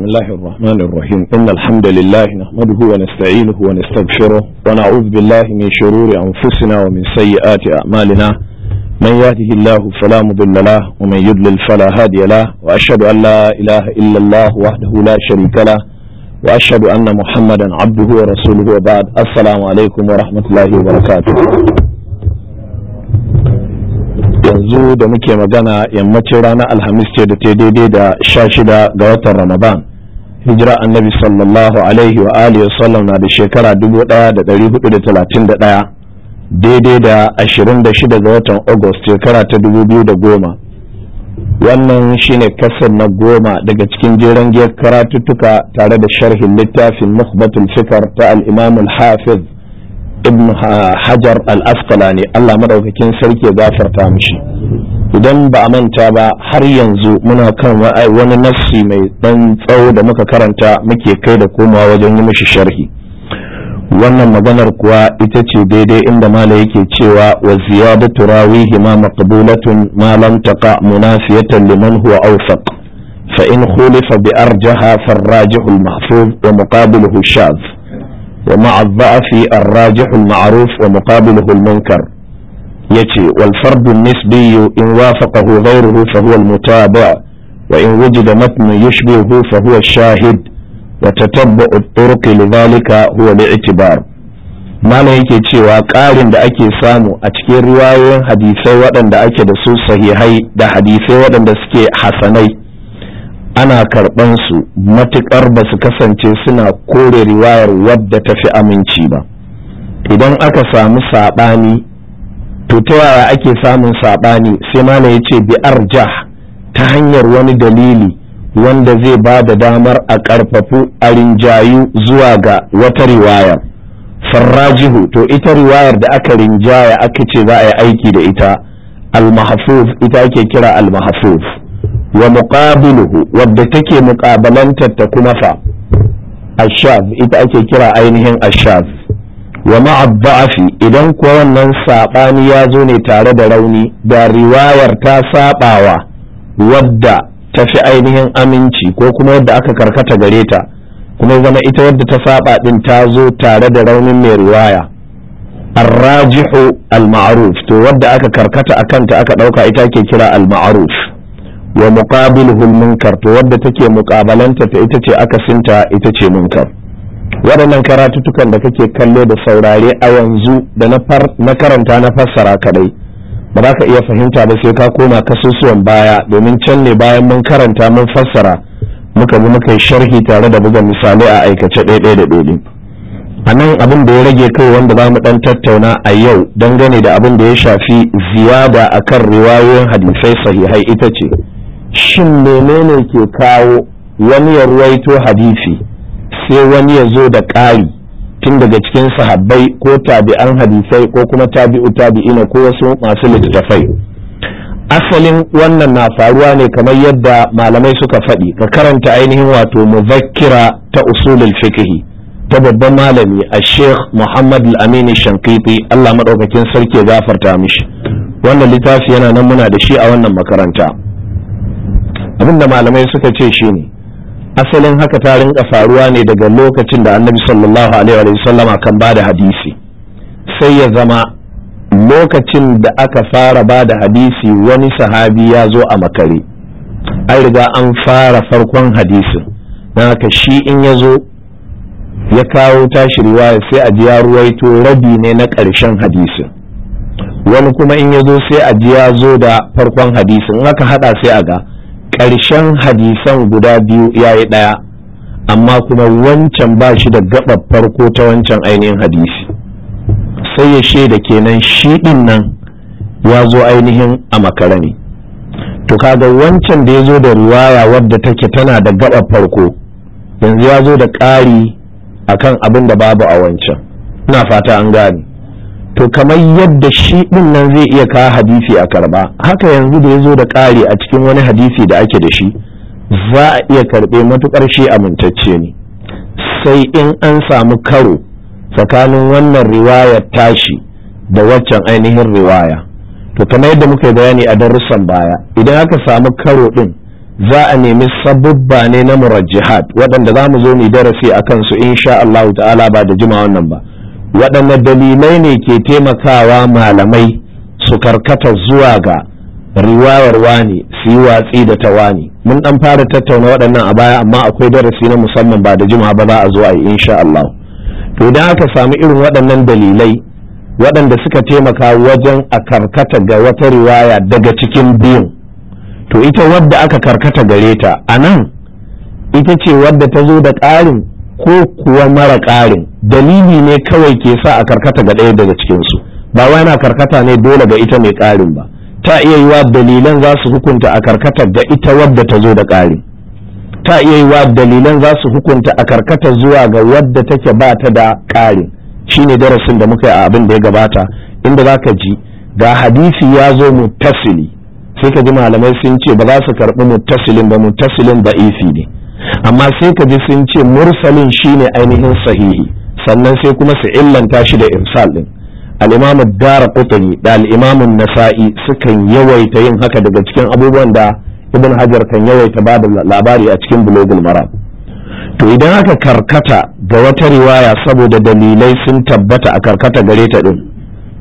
بسم الله الرحمن الرحيم إن الحمد لله نحمده ونستعينه ونستغفره ونعوذ بالله من شرور أنفسنا ومن سيئات أعمالنا من يهده الله فلا مضل له ومن يضلل فلا هادي له وأشهد أن لا إله إلا الله وحده لا شريك له وأشهد أن محمدا عبده ورسوله وبعد السلام عليكم ورحمة الله وبركاته yanzu da muke magana yammacin ranar alhamis ce da ta daidai da sha shida ga watan ramadan hijira annabi sallallahu alaihi wa alihi wasallam na da shekara 1431 daidai da 26 ga watan agust shekara ta 2010 wannan shine kasar na goma daga cikin jeren giyar karatuttuka tare da sharhin littafin muhbatul fikar ta al imamul hafiz ibn hajar al ne Allah madaukakin sarki ya gafarta mishi idan ba a manta ba har yanzu muna kan wani nassi mai dan tsawo da muka karanta muke kai da komawa wajen yi mishi sharhi wannan maganar kuwa ita ce daidai inda mala yake cewa wa ziyadatu rawihi ma maqbulatun ma lam taqa munasiyatan liman huwa awsaq fa in khulifa bi arjaha farrajihu al-mahfuz wa muqabiluhu shadh ومع الضعف الراجح المعروف ومقابله المنكر يتي والفرد النسبي إن وافقه غيره فهو المتابع وإن وجد متن يشبهه فهو الشاهد وتتبع الطرق لذلك هو الاعتبار mana yake cewa ƙarin da ake samu a cikin riwayoyin hadisai waɗanda ake da su sahihai da hadisai waɗanda suke hasanai ana karɓan su matuƙar ba su kasance suna kore riwayar wadda ta fi aminci ba idan aka samu saɓani to ta yaya ake samun saɓani sai mana ya ce bi arja ta hanyar wani dalili wanda zai ba da damar a ƙarfafu a rinjayu zuwa ga wata riwayar farrajihu to ita riwayar da aka rinjaya aka ce za a yi aiki da ita al ita ake kira al wa muqabiluhu wadda take muqabalantar ta kuma fa ashab ita ake kira ainihin ashab wa ma'adda'afi idan kuwa wannan saɓani ya zo ne tare da rauni da riwayar ta saɓawa wadda ta fi ainihin aminci ko kuma wadda aka karkata gare ta kuma zama ita wadda ta saɓa din ta zo tare da raunin mai riwaya arrajihu al-ma'ruf to wadda aka karkata a kanta aka ɗauka ita ke kira al-ma'ruf wa muqabiluhul munkar to wadda take muqabalanta ta ita ce akasinta ita ce munkar waɗannan karatutukan da kake kallo da saurare a yanzu da na karanta na fassara kadai ba za ka iya fahimta ba sai ka koma kasusuwan baya domin can ne bayan mun karanta mun fassara muka bi muka sharhi tare da buga misalai a aikace ɗaya da ɗaya a nan abin da ya rage kai wanda za mu ɗan tattauna a yau dangane da abin da ya shafi ziyada akan riwayoyin hadisai sahihai ita ce shin menene ke kawo wani ya ruwaito hadisi sai wani ya zo da ƙari tun daga cikin sahabbai ko tabi'an hadisai ko kuma tabi'u na ko wasu masu littattafai asalin wannan na faruwa ne kamar yadda malamai suka faɗi ka karanta ainihin wato muzakkira ta usulul fiqh ta babban malami a sheikh muhammad al-amin allah maɗaukakin sarki ya gafarta mishi wannan littafi yana nan muna da shi a wannan makaranta Abin da malamai suka ce shi ne. asalin haka tarin rinka faruwa ne daga lokacin da annabi sallallahu alaihi sallama kan ba da hadisi sai ya zama lokacin da aka fara ba da hadisi wani sahabi ya zo a makare an riga an fara farkon hadisin na haka shi in ya zo ya kawo tashi riwaya sai a ji ya ruwaito rabi ne na ƙarshen hadisin wani kuma in ya zo sai a ji ya zo da farkon hadisin in aka hada sai a ga ƙarshen hadisan guda biyu ya yi ɗaya amma kuma wancan ba shi da gaɓar farko ta wancan ainihin hadisi sai ya shaida kenan shi ɗin nan ya zo ainihin a makara ne to kaga wancan da ya zo da riwaya wadda take tana da gaɓar farko yanzu ya zo da ƙari akan abin da babu a wancan ina fata an gane to kamar yadda shi din nan zai iya kawo hadisi a karba haka yanzu da ya zo da ƙari a cikin wani hadisi da ake da shi za a iya karɓe matuƙar shi amintacce ne sai in an samu karo tsakanin wannan riwaya tashi da waccan ainihin riwaya to kamar yadda muka yi bayani a darussan baya idan aka samu karo din za a nemi sabubba ne na murajjihat waɗanda za mu zo mu darasi a kansu insha Allah ta'ala ba da jima wannan ba waɗanne dalilai ne ke taimakawa malamai su karkata zuwa ga riwayar wani su yi watsi da ta wani mun ɗan fara tattauna waɗannan a baya amma akwai darasi na musamman ba da jima ba za a zo a yi insha Allah to idan aka samu irin waɗannan dalilai waɗanda suka taimaka wajen a karkata ga wata riwaya daga cikin biyun to ita wadda aka karkata gare ta a nan ita ce wadda ta zo da ƙarin ko kuwa mara ƙarin dalili ne kawai ke sa a karkata ga ɗaya daga cikinsu ba wai na karkata ne dole ga ita mai ƙarin ba ta iya yiwa dalilan za su hukunta a karkata ga ita wadda ta zo da ƙarin ta iya yiwa dalilan za su hukunta a karkata zuwa ga wadda take ba ta da ƙarin shine darasin da muka yi a abin da ya gabata inda za ka ji ga hadisi ya zo mutasili sai ka ji malamai sun ce ba za su karɓi mutasilin ba mutasilin da'ifi ne amma sai ka ji sun ce mursalin shine ainihin sahihi sannan sai kuma su illanta shi da irsal din al-imam ad da al nasai sukan yawaita yin haka daga cikin abubuwan da ibn hajar kan yawaita ba da labari a cikin bulogul maram to idan aka karkata ga wata riwaya saboda dalilai sun tabbata a karkata gare ta din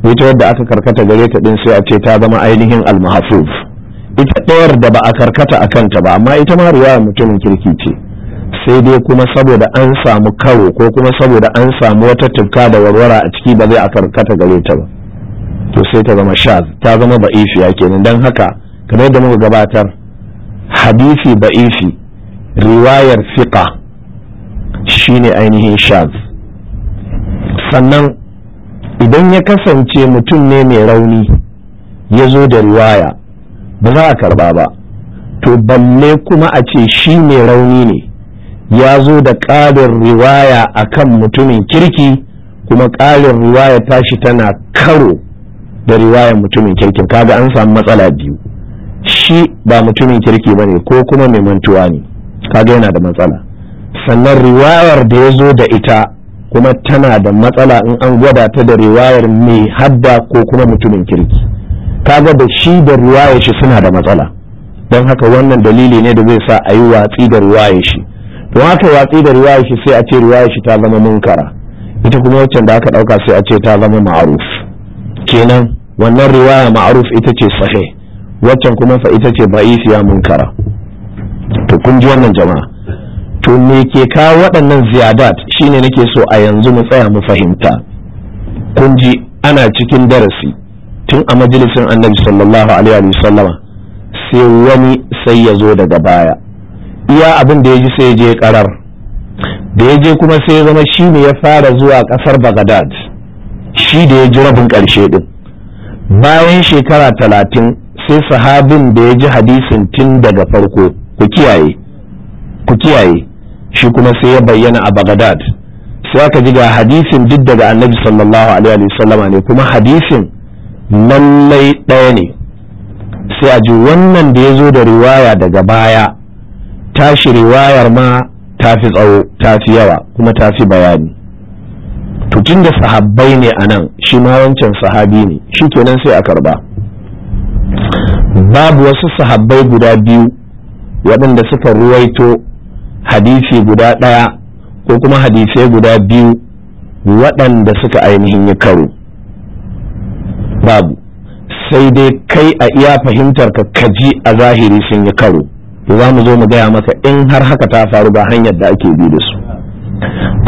ita wadda aka karkata gare ta din sai a ce ta zama ainihin al-mahfuz ita ɗayar da ba a karkata a kanta ba amma ita ma riwaya mutumin kirki ce sai dai kuma saboda an samu karo ko kuma saboda an samu wata tufka da warwara a ciki ba zai a karkata gare ta ba to sai ta zama shaz ta zama ba'ifi ba'ifiya kenan don haka kamar yadda muka gabatar hadisi ba'ifi riwayar fiqa shine ainihin shaz sannan idan ya kasance mutum ne mai rauni ya zo da riwaya ba za a karba ba to balle kuma a ce shi mai rauni ne ya zo da ƙarin riwaya a kan mutumin kirki kuma ƙarin riwaya tashi tana karo da riwayar mutumin kirkin kaga an samu matsala biyu shi ba mutumin kirki ba ne ko kuma mai mantuwa ne kaga yana da matsala sannan riwayar da ya zo da ita kuma tana da matsala in an gwada ta da riwayar mai hadda ko kuma mutumin kirki kaga da shi da ruwaya shi suna da matsala don haka wannan dalili ne da zai sa a yi watsi da ruwaya shi don haka watsi da ruwaya shi sai a ce ruwaya shi ta zama munkara ita kuma waccan da aka dauka sai a ce ta zama ma'aruf kenan wannan riwaya ma'aruf ita ce sahih waccan kuma fa ita ce ba'isiya munkara to kun ji wannan jama'a to me ke kawo waɗannan ziyadat shine nake so a yanzu mu tsaya mu fahimta kun ji ana cikin darasi tun a majalisin annabi sallallahu alaihi wa sallama sai wani sai yazo daga baya iya abin da ya ji sai ya je karar da ya je kuma sai ya zama shi ne ya fara zuwa kasar Baghdad shi da ya ji rabin karshe din bayan shekara talatin sai sahabin da ya ji hadisin tun daga farko ku kiyaye ku kiyaye shi kuma sai ya bayyana a Baghdad sai aka ji ga hadisin duk daga annabi sallallahu alaihi wa sallama ne kuma hadisin lallai ɗaya ne sai a ji wannan da ya zo da riwaya daga baya tashi riwayar ma ta fi tsawo ta fi yawa kuma ta fi bayani to tun da sahabbai ne a nan shi ma wancan sahabi ne shi kenan sai a karba babu wasu sahabbai guda biyu waɗanda suka ruwaito hadisi guda ɗaya ko kuma hadisai guda biyu waɗanda suka ainihin yi karo babu sai dai kai a iya fahimtar ka kaji a zahiri sun yi karo to za mu zo mu gaya maka in har haka ta faru ba hanyar da ake bi da su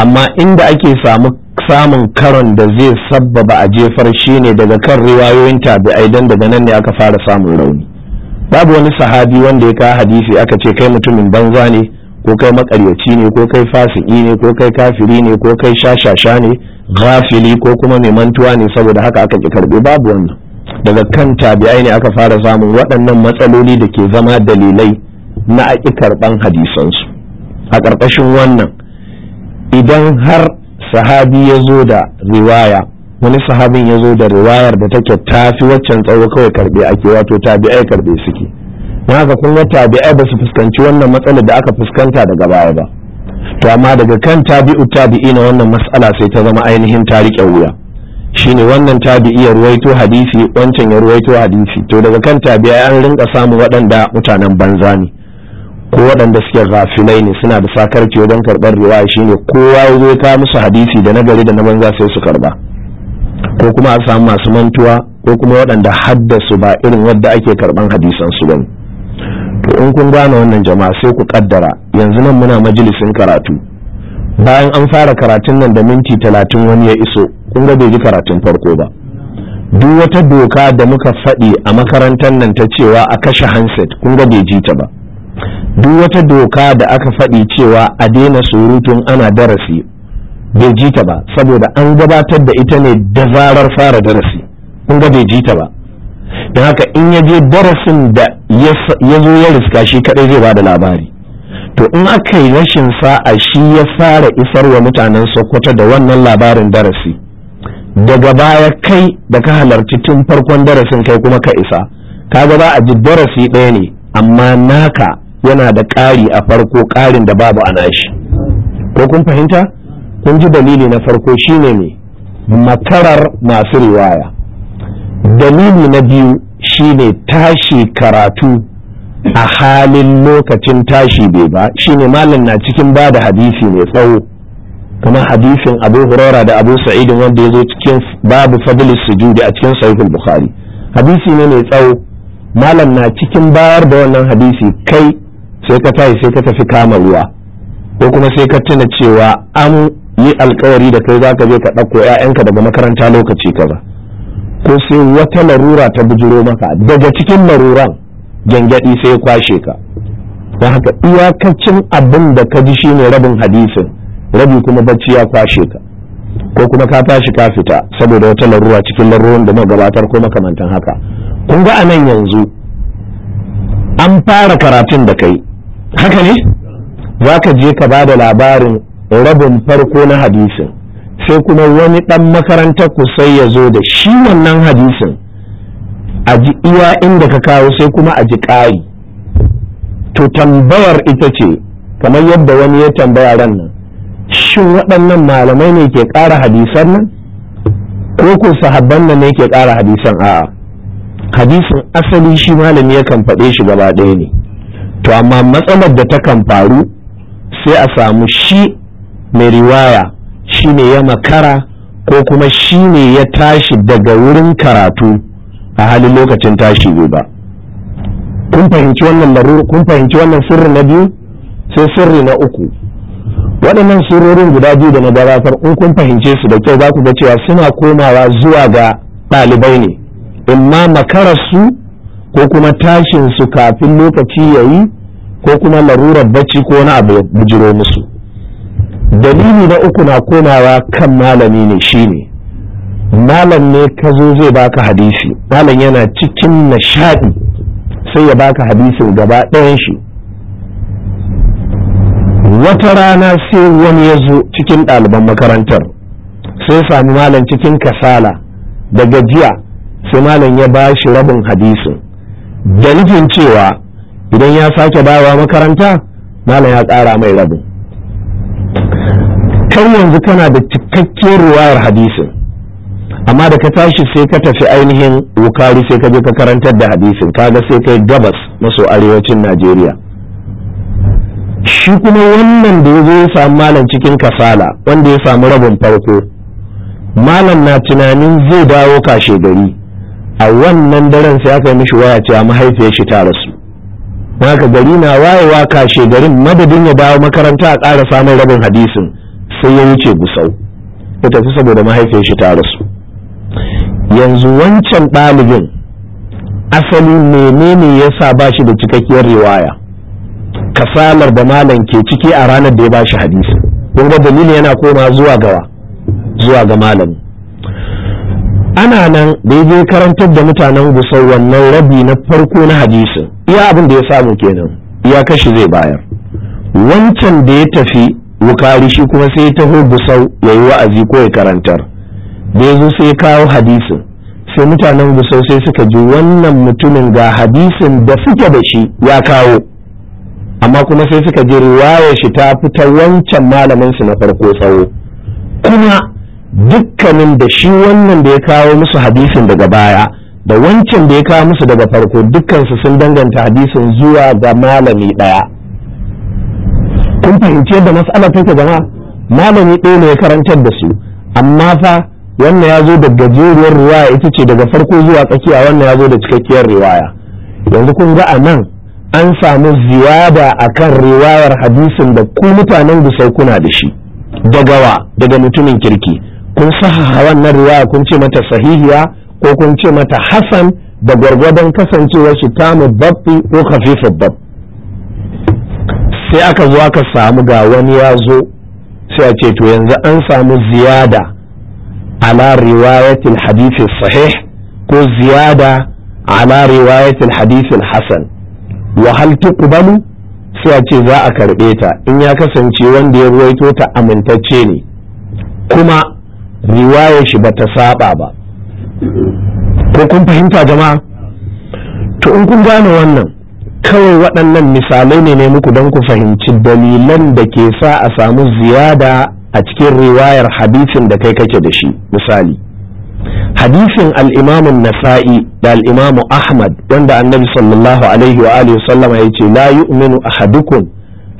amma inda ake samu samun karon da zai sabbaba a jefar shi ne daga kan riwayoyin tabi'ai don daga nan ne aka fara samun rauni babu wani sahabi wanda ya kawo hadisi aka ce kai mutumin banza ne ko kai makaryaci ne ko kai fasiki ne ko kai kafiri ne ko kai shashasha ne ghafili ko kuma mai mantuwa ne saboda haka aka ki karbe babu wannan daga kan tabi'ai ne aka fara samun waɗannan matsaloli da ke zama dalilai na aki hadisan hadisansu a ƙarƙashin wannan idan har sahabi ya zo da riwaya wani sahabin ya zo da riwayar da take tafi waccan tsawo kawai karɓe ake wato tabi'ai karɓe suke na haka kun tabi'ai ba su fuskanci wannan matsalar da aka fuskanta daga baya ba to amma daga kan tabi'u tabi'i na wannan matsala sai ta zama ainihin ta riƙe wuya shine wannan tabi'i ya ruwaito hadisi wancan ya ruwaito hadisi to daga kan tabi'a an rinka samun waɗanda mutanen banza ne ko waɗanda suke gafilai ne suna da sakarci wajen karɓar riwaya shine kowa ya zo ka musu hadisi da na gari da na banza sai su karba ko kuma a samu masu mantuwa ko kuma waɗanda haddasu ba irin wadda ake karɓan hadisan su bane to in kun gane wannan jama'a sai ku kaddara yanzu nan muna majalisin karatu bayan an fara karatun nan da minti talatin wani ya iso kun ga bai ji karatun farko ba duk wata doka da muka faɗi a makarantar nan ta cewa a kashe handset kun ga bai ji ta ba duk wata doka da aka faɗi cewa a daina surutun ana darasi bai ji ta ba saboda an gabatar da ita ne da zarar fara darasi kun ga bai ji ta ba don haka in ya je darasin da ya zo ya riska shi kadai zai bada labari to in aka yi rashin sa'a shi ya fara isar wa mutanen sokoto da wannan labarin darasi daga baya kai da ka halarci tun farkon darasin kai kuma ka isa kaga ba a ji darasi ɗaya ne amma naka yana da ƙari a farko ƙarin da babu a nashi ko kun fahimta kun ji dalili na farko shine ne makarar masu riwaya dalili na biyu shine tashi karatu a halin lokacin tashi bai ba shine malam na cikin ba da hadisi mai tsawo kamar hadisin abu hurara da abu sa'idin wanda ya zo cikin babu Fadli sujudi a cikin sahihul bukhari hadisi ne mai tsawo malam na cikin bayar da wannan hadisi kai sai ka tashi sai ka tafi kama ruwa ko kuma sai ka tuna cewa an yi alkawari da kai zaka je ka ɗauko 'ya'yanka daga makaranta lokaci kaza ko sai wata larura ta bujiro maka daga cikin laruran gyangyaɗi sai kwashe ka don haka iyakacin abin da ka ji shine rabin hadisin rabi kuma bacci ya kwashe ka ko kuma ka tashi ka fita saboda wata larura cikin larurun da magabatar ko makamantan haka kun ga anan yanzu an fara karatun da kai haka ne za ka je ka ba da labarin rabin farko na hadisin sai kuma wani ɗan makarantar ku sai ya zo da shi wannan hadisin a ji iya inda ka kawo sai kuma a ji ƙari to tambayar ita ce kamar yadda wani ya tambaya ran nan shin waɗannan malamai ne ke ƙara hadisan nan ko ku sahabban nan ne ke ƙara hadisan a'a hadisin asali shi malami yakan faɗe shi gaba ɗaya ne to amma matsalar da takan faru sai a samu shi mai riwaya shi ne ya makara ko kuma shi ne ya tashi daga wurin karatu a halin lokacin tashi bai ba kun fahimci wannan sirri na biyu sai sirri na uku waɗannan sirorin guda biyu da na gabatar in kun fahimce su da kyau za ku ga cewa suna komawa zuwa ga ɗalibai ne imma makararsu ko kuma tashin su kafin lokaci ya yi ko kuma larurar bacci ko wani abu bujiro musu dalili na uku na komawa kan malami ne shine malam ne ka zo zai baka hadisi malam yana cikin nishadi sai ya baka hadisin gaba ɗayan shi wata rana sai wani ya zo cikin ɗaliban makarantar sai sami malam cikin kasala da gajiya sai malam ya ba shi rabin hadisin da nufin cewa idan ya sake bawa makaranta malam ya ƙara mai rabin kai yanzu kana da cikakkiyar ruwayar hadisin amma da ka tashi sai ka tafi ainihin wukari sai ka je ka karantar da hadisin kaga sai kai gabas maso arewacin najeriya shi kuma wannan da ya zo ya samu malam cikin kasala wanda ya samu rabin farko malam na tunanin zai dawo kashe gari a wannan daren sai aka yi mishi waya cewa mahaifiyar shi ta rasu haka gari na wayewa kashe garin madadin ya dawo makaranta a ƙara samun rabin hadisin sai ya wuce gusau ya tafi saboda mahaifin shi ta rasu yanzu wancan ɗalibin asali menene ya sa ba shi da cikakkiyar riwaya kasalar da malam ke ciki a ranar da ya ba shi hadisi kun ga dalilin yana koma zuwa gawa zuwa ga malam ana nan da ya je karantar da mutanen gusau wannan rabi na farko na hadisin iya abin da ya samu kenan iya kashi zai bayar wancan da ya tafi wukari shi kuma sai ya taho busau ya yi wa'azi ko ya karantar da ya zo sai ya kawo hadisin sai mutanen busau sai suka ji wannan mutumin ga hadisin da suke da shi ya kawo amma kuma sai suka ji riwayar shi ta fita wancan malamin su na farko tsawo kuma dukkanin da shi wannan da ya kawo musu hadisin daga baya da wancan da ya kawo musu daga farko dukkansu sun danganta hadisin zuwa ga malami ɗaya kun fahimci yadda mas'ala take jama'a malami ɗaya ne ya karantar da su amma fa wannan ya zo da gajeriyar riwaya ita ce daga farko zuwa tsakiya wannan ya zo da cikakkiyar riwaya yanzu kun ga a nan an samu ziyada kan riwayar hadisin da ku mutanen da kuna da shi daga wa daga mutumin kirki kun sahaha wannan riwaya kun ce mata sahihiya ko kun ce mata hasan da gwargwadon kasancewar shi tamu babbi ko kafifa bab sai aka zo aka samu ga wani ya zo sai a ce to yanzu an samu ziyada ala riwayatil hadithin sahih ko ziyada ala riwayatil hadithin hasan wa hal tuqbalu sai a ce za a karbe ta in ya kasance wanda ya ruwaito ta amintacce ne kuma riwayar shi bata saba ba ko kun fahimta jama'a to in kun gane wannan kawai waɗannan misalai ne ne muku don ku fahimci dalilan da ke sa a samu ziyada a cikin riwayar hadisin da kai kake da shi misali hadisin al'imamun nasa'i da al'imamu ahmad wanda annabi sallallahu alaihi wa alihi sallama ya ce la yu'minu ahadukum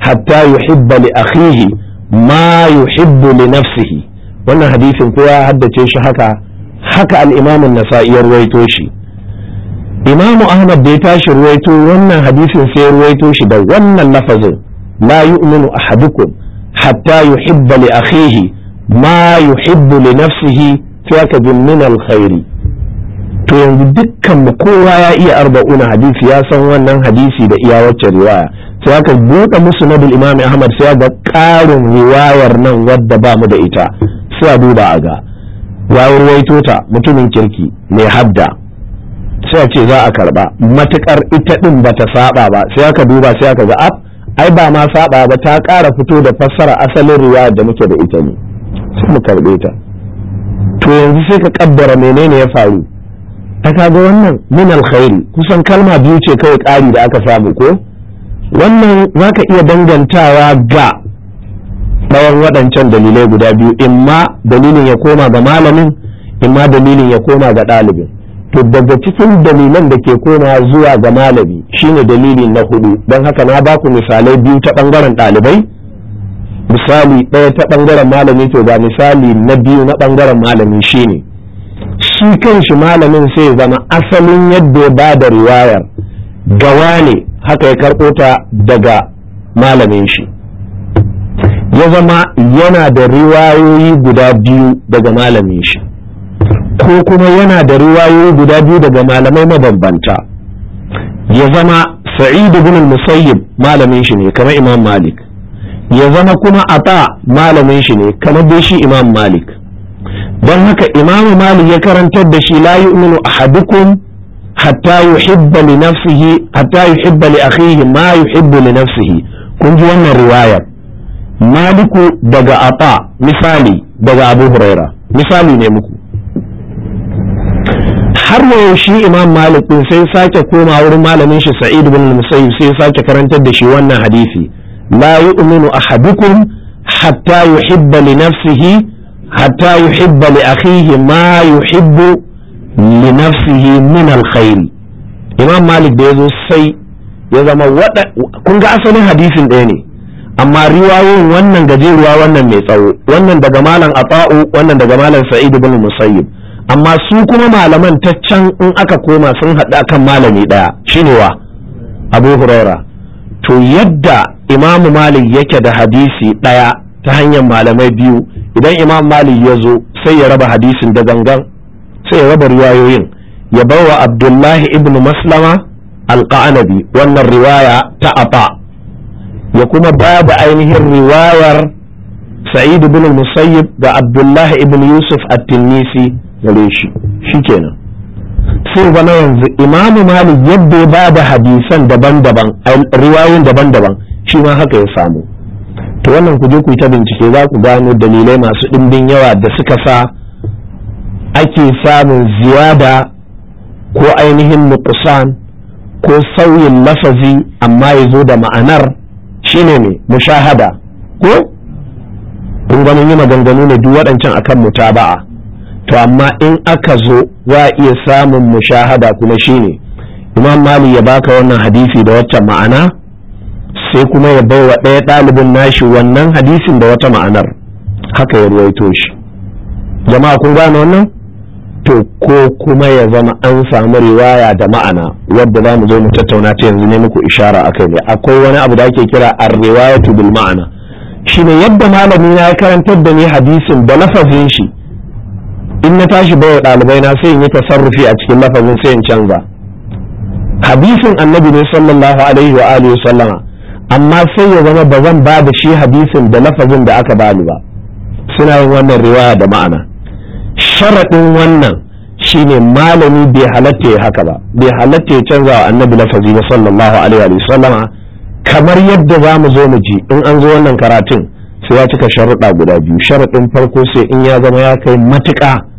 hatta yuhibba li akhihi ma yuhibbu li nafsihi wannan hadisin kowa haddace shi haka haka al'imamun nasa'i ya ruwaito shi imamu ahmad da ya tashi ruwaito wannan hadisin sai ruwaito shi da wannan lafazin la yu'minu ahadukum hatta yuhibba li akhihi ma yuhibbu li nafsihi fi akadin min alkhairi to yanzu dukkan mu kowa ya iya arba'una hadisi ya san wannan hadisi da iya wacce riwaya sai aka buɗe musu na imam ahmad sai ga ƙarin riwayar nan wadda ba mu da ita sai a duba a ga ya ruwaito ta mutumin kirki mai hadda sai ce za a karba matukar ita din ta saba ba sai aka duba sai aka ga ab ai ba ma saba ba ta ƙara fito da fassara asalin riwaya da muke da ita ne sai mu karbe ta to yanzu sai ka kaddara menene ya faru ta kaga wannan min alkhairi kusan kalma biyu ce kawai ƙari da aka samu ko wannan zaka iya dangantawa ga bayan waɗancan dalilai guda biyu imma dalilin ya koma ga malamin imma dalilin ya koma ga ɗalibin to daga cikin dalilan da ke koma zuwa ga malami shine dalili na hudu don haka na baku misalai biyu ta bangaren ɗalibai misali ɗaya ta bangaren malami to ga misali na biyu na bangaren malami shine shi kanshi malamin sai zama asalin yadda ya ba da riwayar gawa ne haka ya karɓo ta daga malamin shi ya zama yana da riwayoyi guda biyu daga malamin shi ko kuma yana da riwayoyi guda biyu daga malamai mabambanta ya zama sa'id ibn al-musayyib malamin shi ne kamar imam malik ya zama kuma ata malamin shi ne kamar dai shi imam malik don haka imam malik ya karantar da shi la yu'minu ahadukum hatta yuhibba li nafsihi hatta yuhibba li akhihi ma yuhibbu li nafsihi kun ji wannan riwaya maliku daga ata misali daga abu huraira misali ne muku har wayo imam malik din sai sake koma wurin malamin shi sa'id bin musayyib sai sake karantar da shi wannan hadisi la yu'minu ahadukum hatta yuhibba li nafsihi hatta yuhibba li akhihi ma yuhibbu li nafsihi min alkhair imam malik da yazo sai ya zama wada kun ga asalin hadisin ɗaya ne amma riwayoyin wannan gajeruwa wannan mai tsawo wannan daga malam ata'u wannan daga malam sa'id bin musayyib amma su kuma malaman ta can in aka koma sun haɗu kan malami ɗaya shine wa abu huraira to yadda imamu malik yake da hadisi ɗaya ta hanyar malamai biyu idan imam malik ya zo sai ya raba hadisin da gangan sai ya raba riwayoyin ya bar wa abdullahi ibn maslama alƙa'anabi wannan riwaya ta afa ya kuma babu ainihin riwayar sa'id ibn musayyib da abdullahi ibn yusuf at-tinnisi gare shi shi kenan sai na yanzu imamu malik yadda ya bada hadisan daban-daban riwayoyin daban-daban shi ma haka ya samu to wannan ku je ku yi ta bincike za ku gano dalilai masu ɗimbin yawa da suka sa ake samun ziyada ko ainihin nuqsan ko sauyin lafazi amma ya zo da ma'anar shine ne mushahada ko kun ganin yi maganganu ne duk waɗancan akan mutaba'a to amma in aka zo za a iya samun mushahada kuma shine imam mali ya baka wannan hadisi da wata ma'ana sai kuma ya bai wa ɗaya ɗalibin nashi wannan hadisin da wata ma'anar haka ya ruwaito shi jama'a kun gane wannan to ko kuma ya zama an samu riwaya da ma'ana wadda za mu zo mu tattauna ta yanzu ne muku ishara akai ne akwai wani abu da ake kira ar-riwayatu bil ma'ana shine yadda malami na ya karantar da ni hadisin da lafazin shi in na tashi bawa ɗalibai na sai in yi tasarrufi a cikin lafazin sai in canza hadisin annabi ne sallallahu alaihi wa alihi sallama amma sai ya zama ba zan ba da shi hadisin da lafazin da aka bani ba suna yin wannan riwaya da ma'ana sharaɗin wannan shine malami bai halatta ya haka ba bai halatta ya canza wa annabi lafazi ba sallallahu alaihi wa sallama kamar yadda za mu zo mu ji in an zo wannan karatun sai ya cika sharuɗa guda biyu sharaɗin farko sai in ya zama ya kai matuƙa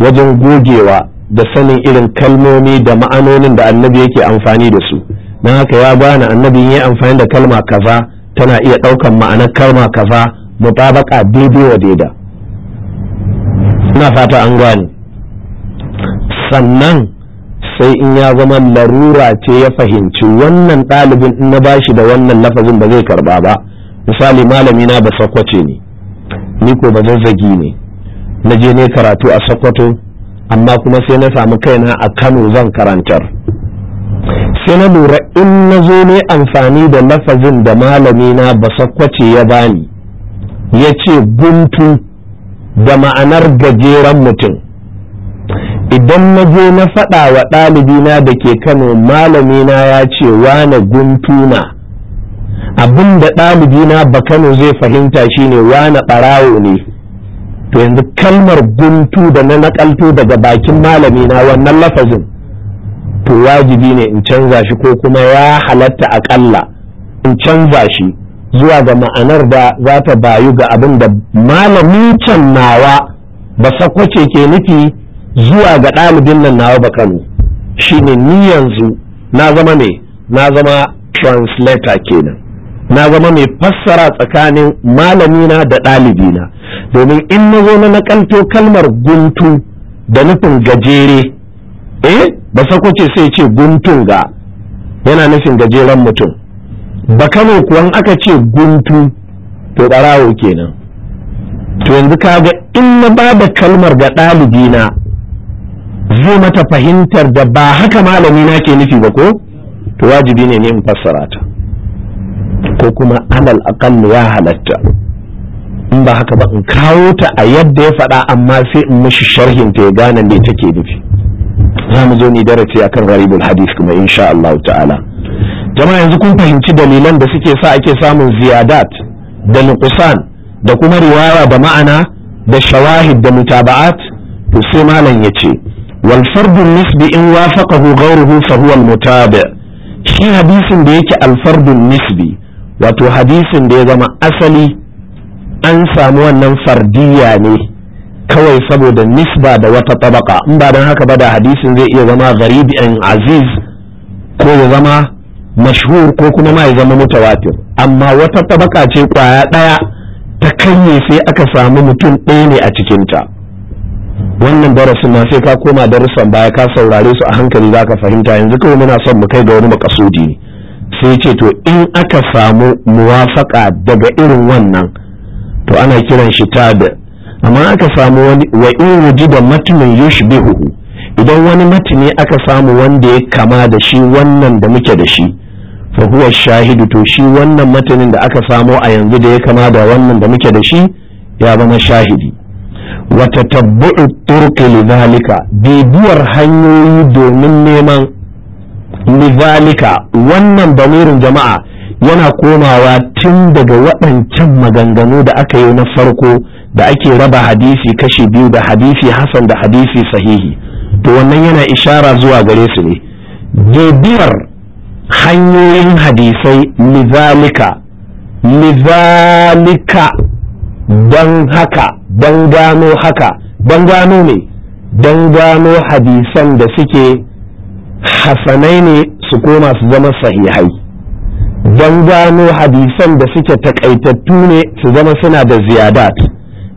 wajen gogewa da sanin irin kalmomi da ma'anonin da annabi yake amfani da su don haka ya gane annabi yi amfani da kalma kaza tana iya ɗaukan ma'anar kalma kaza mutabaka daidai wa daida ina fata an gane sannan sai in ya zama larura ce ya fahimci wannan ɗalibin in na bashi da wannan lafazin ba zai karba ba misali malami na ba sakwace ne ni ko ba zazzagi ne na je ne karatu a sokoto amma kuma sai na samu kaina a kano zan karantar sai na lura in na zo ne amfani da lafazin da malami na sakwace ya bani ya ce guntu da ma'anar gajeren mutum idan na je na faɗa wa ɗalibina da ke kano malamina na ya ce wane guntuna abin da ɗalibina ba kano zai fahimta shine wane ɓarawo ne to yanzu kalmar guntu da na nakalto daga bakin malami na wannan lafazin to wajibi ne in canza shi ko kuma ya halatta akalla in canza shi zuwa ga ma'anar da za ta bayu ga abin da malami can nawa ba sakwace ke nufi zuwa ga ɗalibin nan nawa ba kano shine ni yanzu na zama ne na zama translator kenan na zama mai fassara tsakanin malamina da ɗalibina domin in na zo na nakalto kalmar guntu da nufin gajere eh ba sakwace sai ce guntun ga yana nufin gajeren mutum ba kano kuwa aka ce guntu to ɓarawo kenan to yanzu kaga in na ba da kalmar ga ɗalibina zai mata fahimtar da ba haka malamina ke nufi ba ko to wajibi ne ne in fassara ta ko kuma alal aqal ya halatta in ba haka ba in kawo ta a yadda ya faɗa amma sai in mishi sharhin ta ya gane me take nufi za mu zo ni darasi akan gharibul hadith kuma insha Allah ta'ala jama'a yanzu kun fahimci dalilan da suke sa ake samun ziyadat da nuqsan da kuma riwaya da ma'ana da shawahid da mutaba'at to sai malam yace wal fardu nisbi in wafaqahu ghayruhu fa huwa al mutabi' shi hadisin da yake al fardu nisbi wato hadisin da ya zama asali an samu wannan fardiya ne kawai saboda nisba da wata tabaka in ba don haka ba da hadisin zai iya zama gharib an aziz ko ya zama mashhur ko kuma ma ya zama mutawatir amma wata tabaka ce kwaya daya ta kanye sai aka samu mutum ɗaya ne a cikinta wannan darasin ma sai ka koma darussan baya ka saurare su a hankali za ka fahimta yanzu kawai muna son mu kai ga wani makasudi ne sai ce to in aka samu muwafaka daga irin wannan to ana kiran shi da amma aka samu wani wa in wujida bai yushbihu idan wani matumi aka samu wanda ya kama da shi wannan da muke da shi fa huwa shahidu to shi wannan matumin da aka samu a yanzu da ya kama da wannan da muke da shi ya zama shahidi wata tatabbu'u turqi lidhalika bibiyar hanyoyi domin neman lidhalika wannan damirin jama'a yana komawa tun daga waɗancan maganganu da aka yi na farko da ake raba hadisi kashi biyu da hadisi hasan da hadisi sahihi to wannan yana ishara zuwa gare su ne bibiyar hanyoyin hadisai lidhalika lidhalika don haka don gano haka don gano ne don gano hadisan da suke hasanai ne su koma su zama sahihai don gano hadisan da suke takaitattu ne su zama suna da ziyadat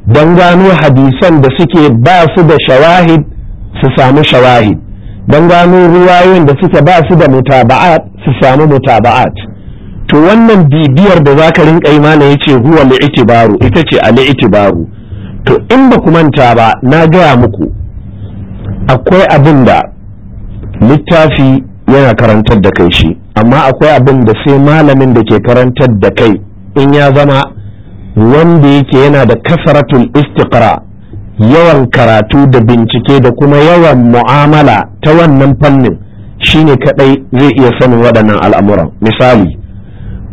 don gano hadisan da suke ba su da shawahid su samu shawahid don gano ruwayoyin da suke ba su da mutaba'at su samu mutaba'at to wannan bibiyar da zaka rinka yi mana yace huwa li'tibaru ita ce al'itibaru to in ba ku manta ba na gaya muku akwai abinda. littafi yana karantar da kai shi amma akwai abin da sai malamin da ke karantar da kai in ya zama wanda yake yana da kasaratul istiqra yawan karatu da bincike da kuma yawan mu'amala ta wannan fannin shine kadai zai iya sanin waɗannan al'amuran misali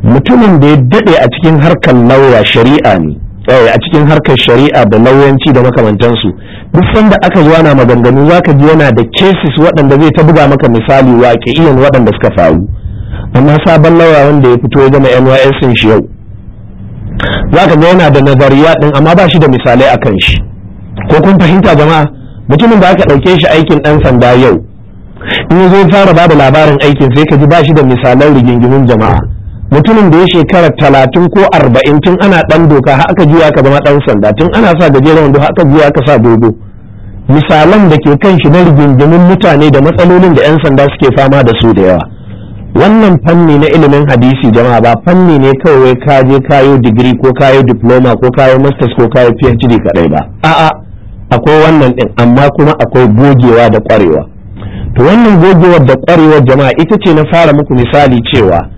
mutumin da ya daɗe a cikin harkar lauya shari'a ne Eh, a cikin harkar shari'a da lauyanci da makamantansu duk sanda aka zo ana maganganu ka ji yana da cases waɗanda zai ta buga maka misali iyan waɗanda suka faru amma sabon lauya wanda ya fito ya gama NYS sun shi yau zaka ga yana da nazariya ɗin, amma ba shi da misalai a kan shi ko kun fahimta jama'a mutumin da aka ɗauke shi aikin ɗan sanda yau in ya zo fara ba da labarin aikin sai ka ji ba shi da misalan rigingimin jama'a mutumin da ya shekara talatin ko arba'in tun ana ɗan doka har aka juya ka zama ɗan sanda tun ana sa gajeren wando har aka juya ka sa dogo misalan da ke kan shi na rigingimin mutane da matsalolin da 'yan sanda suke fama da su da yawa wannan fanni na ilimin hadisi jama'a ba fanni ne kawai ka je kayo digiri ko kayo diploma ko kayo masters ko kayo phd kadai ba a'a akwai wannan din amma kuma akwai gogewa da kwarewa to wannan gogewar da kwarewar jama'a ita ce na fara muku misali cewa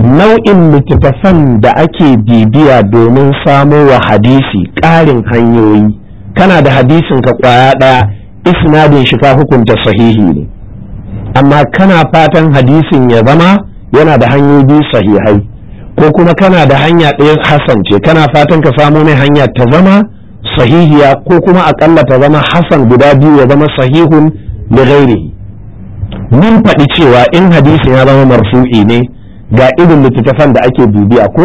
nau'in littattafan da ake bibiya domin samo wa hadisi ƙarin hanyoyi kana da hadisin ka ƙwaya ɗaya isnadin shi ka hukunta sahihi ne amma kana fatan hadisin ya zama yana da hanyoyi sahihai ko kuma kana da hanya ɗaya hasan ce kana fatan ka samo mai hanya ta zama sahihiya ko kuma aƙalla ta zama hasan guda biyu ya zama sahihun da gairi mun faɗi cewa in hadisin ya zama marfu'i ne ga irin littattafan da ake bibiya ko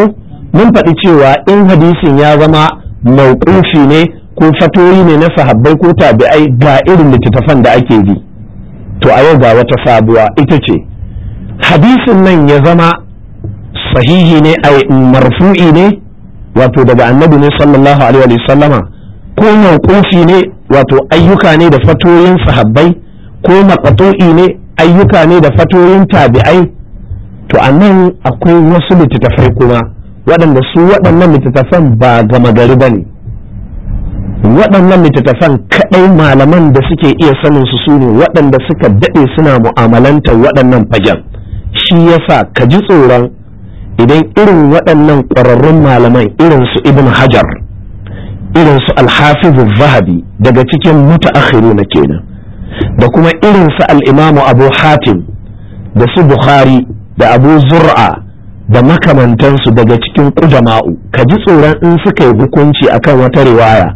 mun faɗi cewa in hadisin ya zama mauƙufi ne ko fatoyi ne na sahabbai ko tabi'ai ga irin littattafan da ake bi to a yau ga wata sabuwa ita ce hadisin nan ya zama sahihi ne ai marfu'i ne wato daga annabi ne sallallahu alaihi wa sallama ko mauƙufi ne wato ayyuka ne da fatoyin sahabbai ko maƙato'i ne ayyuka ne da fatoyin tabi'ai to a nan akwai wasu littattafai kuma waɗanda su waɗannan littattafan ba gama gari ba ne waɗannan littattafan kaɗai malaman da suke iya sanin su su ne waɗanda suka daɗe suna mu'amalanta waɗannan fagen shi yasa ka ji tsoron idan irin waɗannan ƙwararrun malaman irin su ibn hajar irin su alhafizu zahabi daga cikin mutaakhiru na kenan da kuma irin su al'imamu abu hatim da su Buhari. da abu zur'a da makamantansu daga cikin Kudama'u. ka ji tsoron in suka yi hukunci akan wata riwaya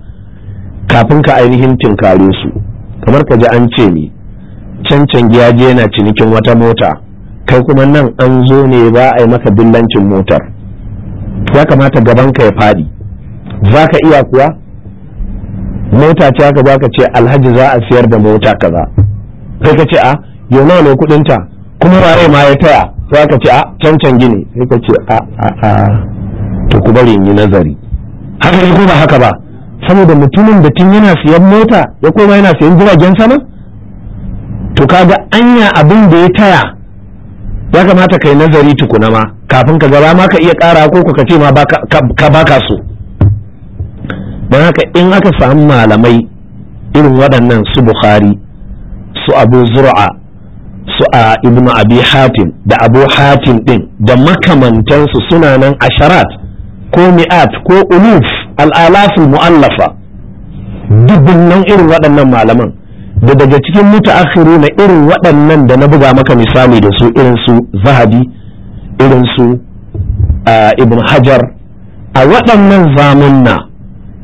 kafin ka ainihin tinkare su kamar ka ji an ce ni cancan ya yana cinikin wata mota kai kuma nan an zo ne ba a yi maka billancin motar ya kamata ka ya faɗi za ka iya kuwa mota ce haka za ka ce alhaji za a siyar da mota kaza kai ka ce a ah, yau nawa ne kudinta kuma waye ma ya taya sai aka ce a cancan gini sai ka ce a a a to ku bari yi nazari haka ne ko ba haka ba saboda mutumin da tun yana siyan mota ya koma yana siyan jiragen sama to kaga anya abin da ya taya ya kamata kai nazari tukuna ma kafin ka gaba ma ka iya kara ko ka ce ma ka baka so don haka in aka samu malamai irin waɗannan su bukhari su abu zur'a su a ibn abi hatim da abu hatim din da makamantansu suna nan asharat ko mi'at ko uluf al'alafin mu'allafa dubunnan irin waɗannan malaman da daga cikin mutaakhiri na irin waɗannan da na buga maka misali da su irin su zahabi irin su ibn hajar a waɗannan zamunna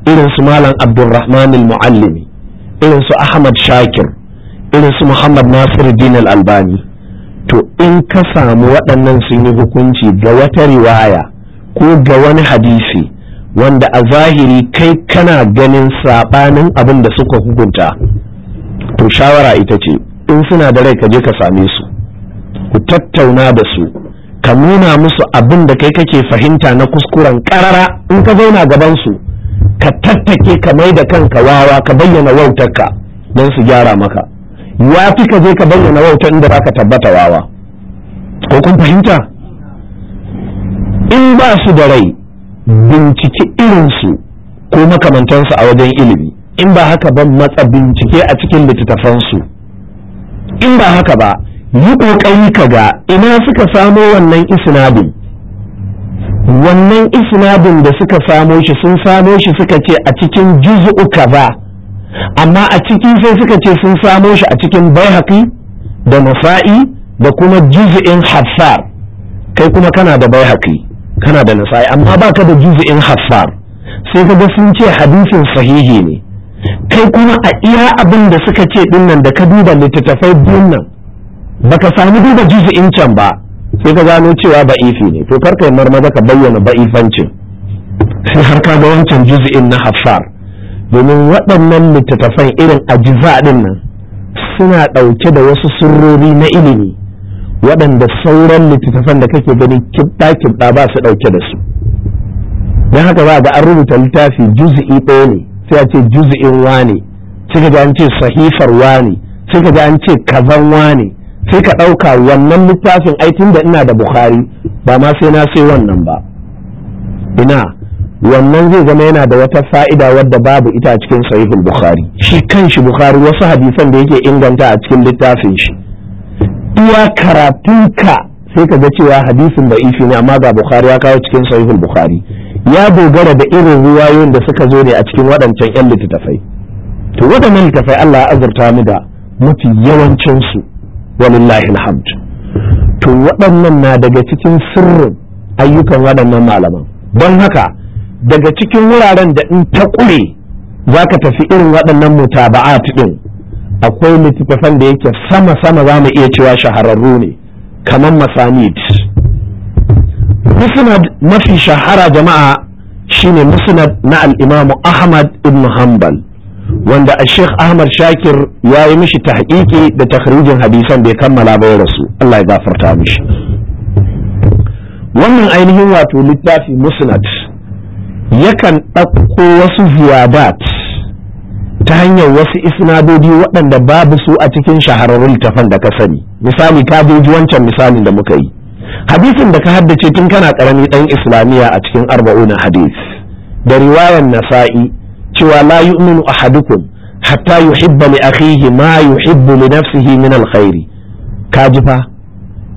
irin su malam abdulrahman al-muallimi irin su ahmad shakir irin su muhammad Nasiru al-albani to in ka samu waɗannan sun yi hukunci ga wata riwaya ko ga wani hadisi wanda a zahiri kai kana ganin saɓanin abin da suka hukunta to shawara ita ce in suna da rai ka je ka same su ku tattauna da su ka nuna musu abin da kai kake fahimta na kuskuren karara in ka zauna gabansu, ka tattake ka mai da kanka wawa ka bayyana wautarka don su gyara maka ya fi ka je ka bayyana wauta inda ka tabbata wawa ko kun fahimta in ba su da rai binciki irinsu ko makamantansu a wajen ilimi in ba haka ba matsa bincike a cikin littattafansu in ba haka ba yi ƙoƙari ka ga ina suka samo wannan isnadin wannan isnadin da suka samo shi sun samo shi suka ce a cikin ka ba. amma a cikin sai suka ce sun samo shi a cikin haƙi da nasa'i da kuma juz'in hafsar kai kuma kana da haƙi kana da nasa'i amma baka da juz'in hafsar sai kaga sun ce hadisin sahihi ne kai kuma a iya abin da suka ce dinnan da ka duba littattafai biyun nan baka samu duba juz'in can ba sai ka gano cewa ba'ifi ne to karka yi marmaza ka bayyana ba'ifancin sai har ka ga wancan juz'in na hafsar domin waɗannan littattafan irin ajiza ɗin nan suna ɗauke da wasu sirrori na ilimi waɗanda sauran littattafan da kake gani kibɗa kibɗa ba su ɗauke da su don haka ba ga an rubuta littafi juzi'i ɗaya ne sai a ce juzi'in wane sai ka an ce sahifar ne, sai ka an ce kazan ne, sai ka ɗauka wannan littafin aikin da ina da bukhari ba ma sai na sai wannan ba ina wannan zai zama yana da wata fa'ida wadda babu ita a cikin sahihul bukhari shi kanshi bukhari wasu hadisan da yake inganta a cikin littafin shi iya karatunka sai ka ga cewa hadisin da ifi ne amma ga bukhari ya kawo cikin sahihul bukhari ya dogara da irin ruwayoyin da suka zo ne a cikin waɗancan yan littattafai to waɗannan littattafai Allah ya azurta mu da mafi yawancin su walillahi alhamd to waɗannan na daga cikin sirrin ayyukan waɗannan malaman don haka daga cikin wuraren da in ta ƙure za ka tafi irin waɗannan mutaba'at ɗin akwai littattafan da yake sama-sama za mu iya cewa shahararru ne kamar masanid musnad mafi shahara jama'a shine musnad na al'imamu ahmad ibn hanbal wanda a sheikh ahmad shakir ya yi mishi tahqiqi da takhrijin hadisan bai kammala ba ya rasu allah ya gafarta mishi wannan ainihin wato littafi musnad yakan ɗauko wasu ziyadat ta hanyar wasu isnadodi waɗanda babu su a cikin shahararrun littafan da ka sani misali ka doji wancan misalin da muka yi hadisin da ka haddace tun kana karami ɗan islamiyya a cikin arba'una hadis da riwayan nasa'i cewa la yu'minu ahadukum hatta yuhibba li akhihi ma yuhibbu li nafsihi min alkhairi ka ji fa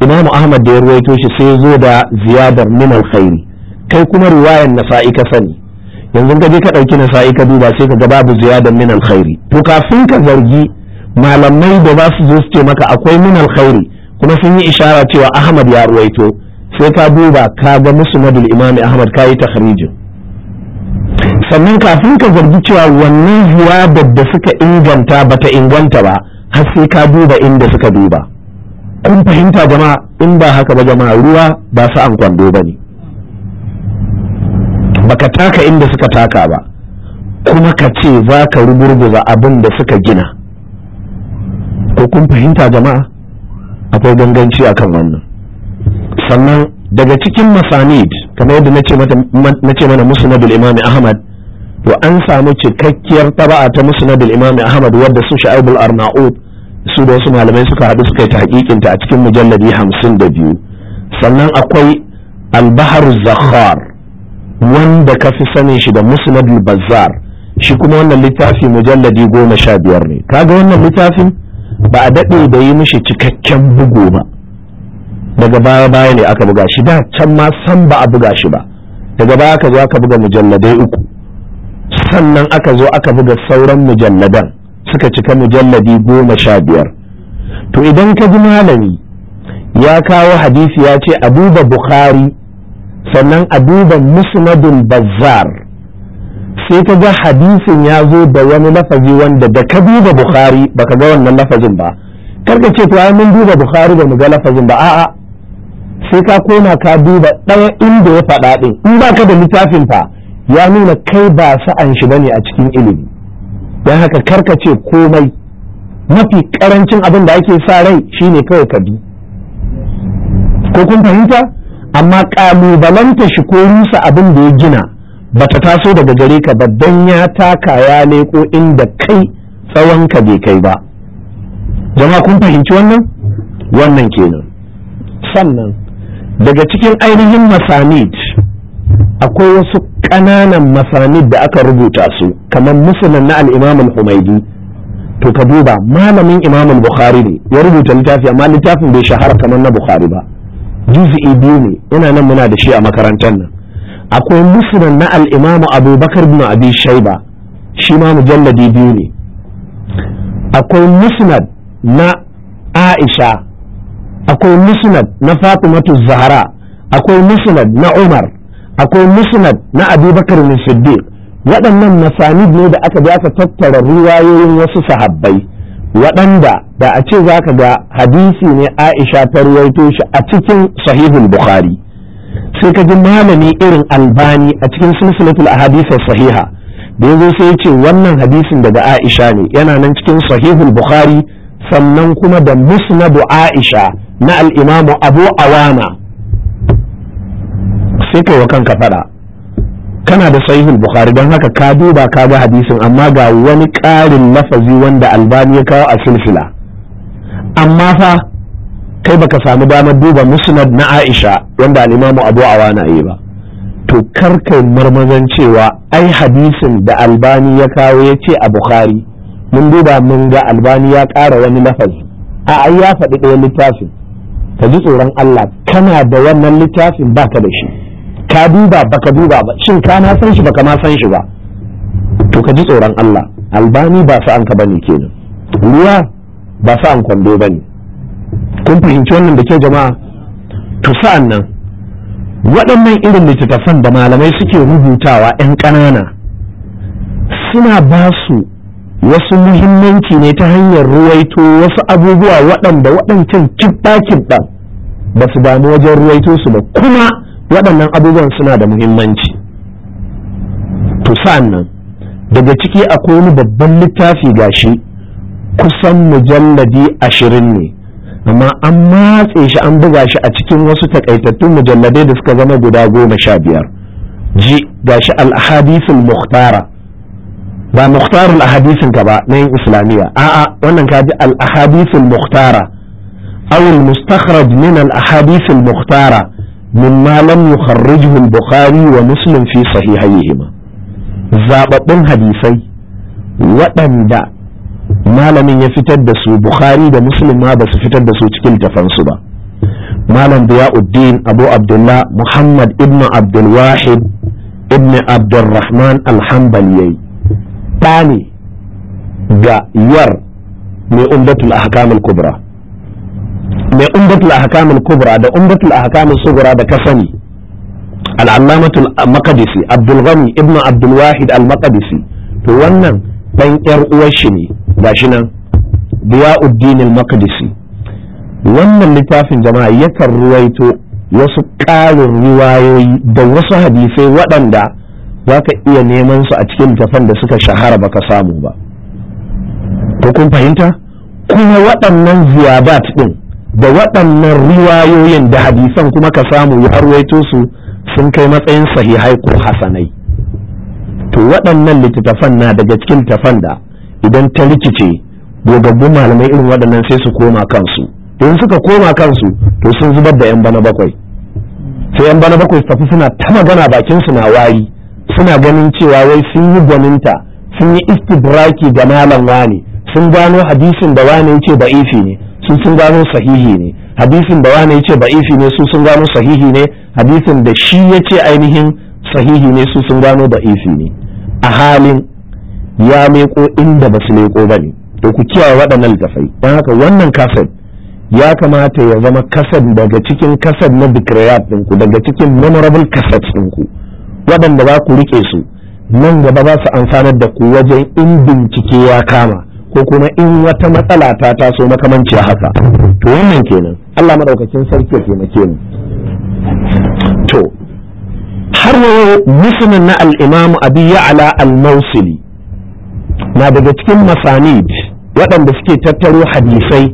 imamu ahmad da ya ruwaito shi sai zo da ziyadar min alkhairi kai kuma riwayan nasa'i ka sani yanzu ka je ka ɗauki nasa'i ka duba sai ka ga babu ziyadan min alkhairi to kafin ka zargi malamai da za su zo su ce maka akwai min alkhairi kuma sun yi ishara cewa ahmad ya ruwaito sai ka duba ka ga musu madul imam ahmad ka kayi takhrijin sannan kafin ka zargi cewa wannan ziyadar da suka inganta bata inganta ba har sai ka duba inda suka duba kun fahimta jama'a in ba haka ba jama'a ruwa ba an kwando ba ne baka taka inda suka taka ba kuma ka ce za ka rugurguza abin da suka gina ko kun fahimta jama'a akwai ganganci a kan wannan sannan daga cikin masanid kamar yadda na ce mana musnadul imami ahmad to an samu cikakkiyar taba'a ta musnadul imami ahmad wadda su sha'ibul arnaud su da wasu malamai suka haɗu suka yi tahqiqinta a cikin mujalladi hamsin da biyu sannan akwai albahar zakhar wanda ka fi sanin shi da musnadul bazzar shi kuma wannan littafi mujalladi goma sha biyar ne kaga wannan littafin ba a daɗe da yi mishi cikakken bugu ba daga baya baya ne aka buga shi da can ma san ba a buga shi ba daga baya aka zo aka buga mujalladai uku sannan aka zo aka buga sauran mujalladan suka cika mujalladi goma sha biyar to idan ka ji malami ya kawo hadisi ya ce abuba bukhari sannan a duba Musnadin bazzar sai ka ga hadisin ya zo da wani lafazi wanda da ka duba bukhari baka ga wannan lafazin ba karka ce to ai mun duba bukhari ba mu ga lafazin ba a'a sai ka koma ka duba ɗaya inda ya faɗa ɗin in baka da littafin fa ya nuna kai ba sa'an shi bane a cikin ilimi don haka karka ce komai mafi karancin abin da ake sa rai shine kawai ka bi ko kun fahimta amma ƙalubalanta shi ko rusa abin da ya gina ba ta taso daga gare ka ba don ya taka ya leko inda kai tsawon ka bai kai ba jama'a kun fahimci wannan wannan kenan sannan daga cikin ainihin masanid akwai wasu ƙananan masanid da aka rubuta su kamar musulun na alimamul umaidi to ka duba malamin imamul bukhari ne ya rubuta littafi amma littafin bai shahara kamar na bukhari ba juz'i biyu ne yana nan muna da shi a makarantar nan akwai musnad na al-imamu abubakar bin abi shaiba shi ma mujalladi biyu ne akwai musnad na aisha akwai musnad na fatimatu zahra akwai musnad na umar akwai musnad na abubakar bin siddiq waɗannan masanid ne da aka je aka tattara ruwayoyin wasu sahabbai waɗanda da a ce za ka ga hadisi ne aisha ta ruwaito shi a cikin sahihul bukhari sai ka ji malami irin albani a cikin silsilatul ahadith sahiha da yazo sai ya ce wannan hadisin daga aisha ne yana nan cikin sahihul bukhari sannan kuma da musnadu aisha na al-imamu abu awana sai kai wa kanka fada kana da sahihul bukhari don haka ka duba ka ga hadisin amma ga wani ƙarin lafazi wanda albani ya kawo a silsila amma fa kai baka samu damar duba musnad na aisha wanda al'imamu abu awana yi ba to karkai marmazan cewa ai hadisin da albani ya kawo ya ce a bukhari mun duba mun ga albani ya ƙara wani lafazi a ai ya faɗi ɗaya littafin ka ji tsoron allah kana da wannan littafin baka da shi ka duba baka duba ba shin ka na san shi baka ma san shi ba to ka ji tsoron Allah albani ba sa an ka bane kenan ruwa ba sa an kwando bane kun fahimci wannan da ke jama'a to sa'an nan waɗannan irin littattafan da malamai suke rubutawa 'yan ƙanana suna ba su wasu muhimmanci ne ta hanyar ruwaito wasu abubuwa waɗanda waɗancan kibba kibba ba su damu wajen ruwaito su ba kuma waɗannan abubuwan suna da muhimmanci to daga ciki akwai wani babban littafi gashi kusan mujalladi ashirin ne amma an matse shi an buga shi a cikin wasu takaitattun mujalladai da suka zama guda goma sha biyar ji gashi al-ahadithul muhtara ba muhtar al-ahadithin ka ba na yin islamiyya a'a wannan ka ji al-ahadithul muhtara aw al-mustakhraj min al-ahadithul muhtara mimma lam yukharrijuhu al-bukhari wa muslim fi sahihayhima zababbun hadisai waɗanda malamin ya fitar da su bukhari da muslim ma ba su fitar da su cikin tafansu ba malam Uddin abu abdullah muhammad ibn abdulwahid ibn abdulrahman alhambali yayi ɗa ne ga yar mai umdatul ahkam kubra mai umdatul ahkamul kubra da umdatul ahkamul sugura da ka sani al'allamatul maqdisi abdul ghani ibn abdul wahid al maqdisi to wannan dan yar uwar shi ne gashi nan diyauddin al maqdisi wannan littafin jama'a yakan ruwaito wasu ƙarin riwayoyi da wasu hadisai waɗanda za ka iya neman su a cikin littafan da suka shahara baka samu ba ko kun fahimta kuma waɗannan ziyabat ɗin da waɗannan riwayoyin da hadisan kuma ka samu ya harwaito su sun kai matsayin sahihai ko hasanai to waɗannan littattafan na daga cikin tafan da idan ta rikice gogaggun malamai irin waɗannan sai su koma kansu in suka koma kansu to sun zubar da yan bana bakwai sai yan bana bakwai tafi suna ta magana bakin su na wari suna ganin cewa wai sun yi gwaninta sun yi istidraki ga malam wani sun gano hadisin da wani yace ce da'ifi ne su sun gano sahihi ne hadisin da wani yace ba'ifi ne su sun gano sahihi ne hadisin da shi yace ainihin sahihi ne su sun gano ba'ifi ne a halin ya meko inda ba su leko ba ne to ku kiyaye waɗannan gafai don haka wannan kaset ya kamata ya zama kasad daga cikin kasad na dikriyat ɗinku daga cikin memorable kaset ɗinku waɗanda za ku rike su nan gaba ba su amfanar da ku wajen in bincike ya kama ko kuma in wata matsala ta taso makamanciya haka to wannan kenan Allah madaukakin sarki ya taimake mu to har yau muslim na al-imam abi ya'la al-mawsili na daga cikin masanid waɗanda suke tattaro hadisai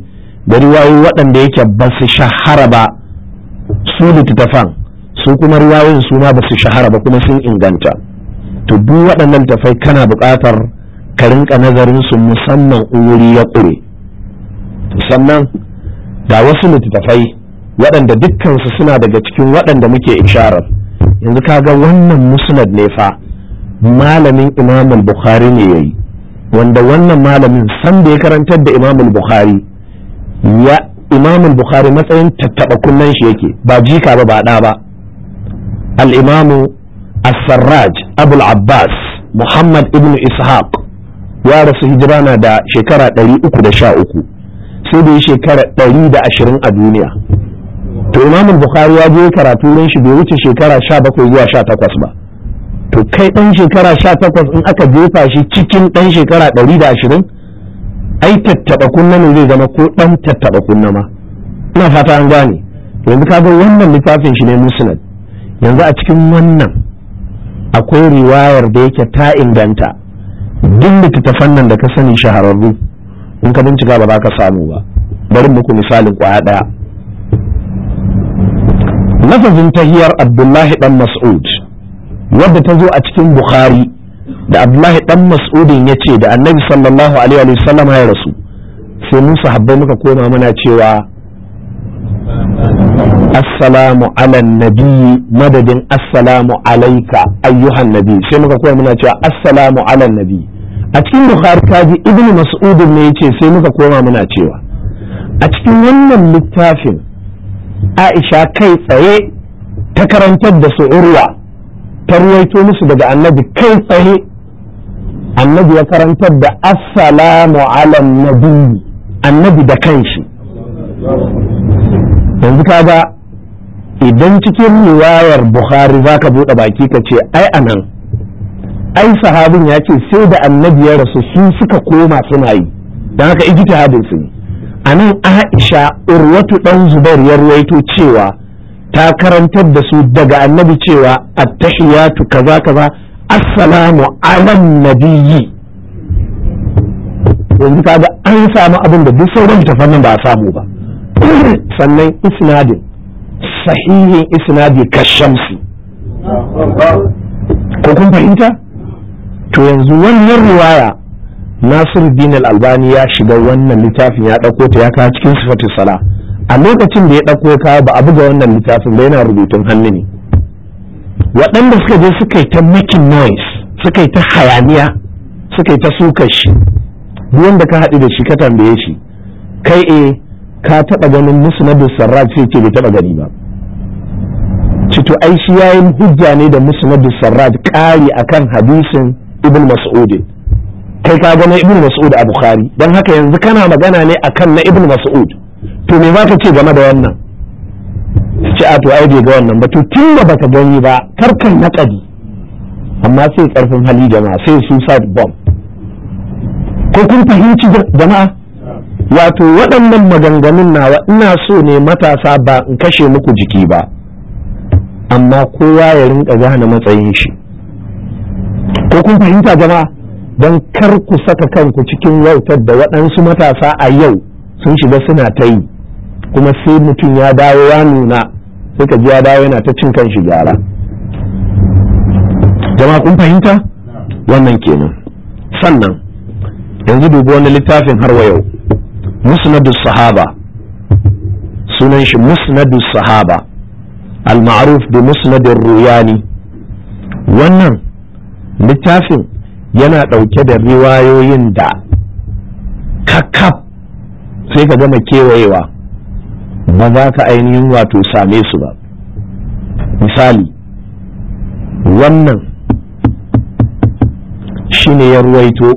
da riwayoyi waɗanda yake ba su shahara ba su littattafan su kuma riwayoyin su ma ba su shahara ba kuma sun inganta to duk waɗannan tafai kana buƙatar ka rinka nazarin su musamman wuri ya ƙure sannan da wasu littattafai waɗanda dukkansu suna daga cikin waɗanda muke isharar yanzu kaga wannan musnad ne fa malamin imamul bukhari ne yayi wanda wannan malamin san da ya karantar da imamul bukhari ya imamul bukhari matsayin tattaba kunnen shi yake ba jika ba ba ɗa ba al imamu as-sarraj abul abbas muhammad ibn ishaq ya rasu hijira na da shekara 313 sai da yi shekara ɗari da 120 a duniya to imam bukhari ya je karatu ran shi bai wuce shekara 17 zuwa 18 ba to kai dan shekara 18 in aka jefa shi cikin dan shekara 120 ai tattaba kunna ne zai zama ko ɗan tattaba kunna ma ina fata an gane yanzu kaga wannan littafin shi ne musnad yanzu a cikin wannan akwai riwayar da yake ta inganta duk littattafan nan da ka sani shahararru in ka bincika ba za ka samu ba bari muku misalin kwaya ɗaya lafazin tahiyar abdullahi dan mas'ud wadda ta zo a cikin bukhari da abdullahi dan mas'udin ya ce da annabi sallallahu alaihi wa sallam ya rasu sai mu sahabbai muka koma muna cewa assalamu ala nabi madadin assalamu alaika ayyuhan nabi sai muka koma muna cewa assalamu ala nabi a cikin bukhari kaji ibnu mas'ud ne yace sai muka koma muna cewa a cikin wannan littafin aisha kai tsaye ta karantar da su urwa ta ruwaito musu daga annabi kai tsaye annabi ya karantar da assalamu ala nabi annabi da kanshi yanzu kaga idan cikin riwayar bukhari zaka bude baki ka ce ai anan ai sahabin ya ce sai da annabi ya rasu su suka koma suna yi don haka hadin su a nan aisha urwatu dan zubar ya ruwaito cewa ta karantar da su daga annabi cewa attahiyatu kaza kaza assalamu ala nabiyyi yanzu kaga an samu abin da duk sauran tafannin ba a samu ba sannan isnadin sahihin isnadi ka shamsi ko kun fahimta to yanzu wannan ruwaya nasiru din albani ya shiga wannan littafin ya ɗauko ta ya kawo cikin sifatin sala a lokacin da ya ɗauko ya ba a buga wannan littafin ba yana rubutun hannu ne waɗanda suka je suka yi ta making noise suka yi ta hayaniya suka yi ta sukar shi duk wanda ka haɗu da shi ka tambaye shi kai e ka taɓa ganin musu na sarraf sai ke bai taɓa gani ba cito ai shi hujja ne da musu na sarraf ƙari akan hadisin ibn mas'ud kai ka ga na ibn mas'ud a bukhari dan haka yanzu kana magana ne akan na ibn mas'ud to me za ce game da wannan ci a to ai bai ga wannan ba to tun da baka gani ba karkan kadi amma sai karfin hali jama'a sai suicide bomb ko kun fahimci jama'a wato waɗannan maganganun nawa ina so ne matasa ba in kashe muku jiki ba amma kowa ya rinka gane matsayin shi ko kun fahimta jama'a don kar ku saka kanku cikin wautar da waɗansu matasa a yau sun shiga suna ta yi kuma sai mutum ya dawo ya nuna sai ka ji ya dawo yana ta cin kan shi gyara jama'a kun fahimta wannan kenan sannan yanzu dubu wani littafin har wa yau musnadu sahaba sunan shi musnadu sahaba al-ma'ruf bi musnadin ruyani wannan littafin yana ɗauke da riwayoyin da kakaf sai ka gama kewayewa ba za ka ainihin wato same su ba misali wannan shi ne ya ruwaito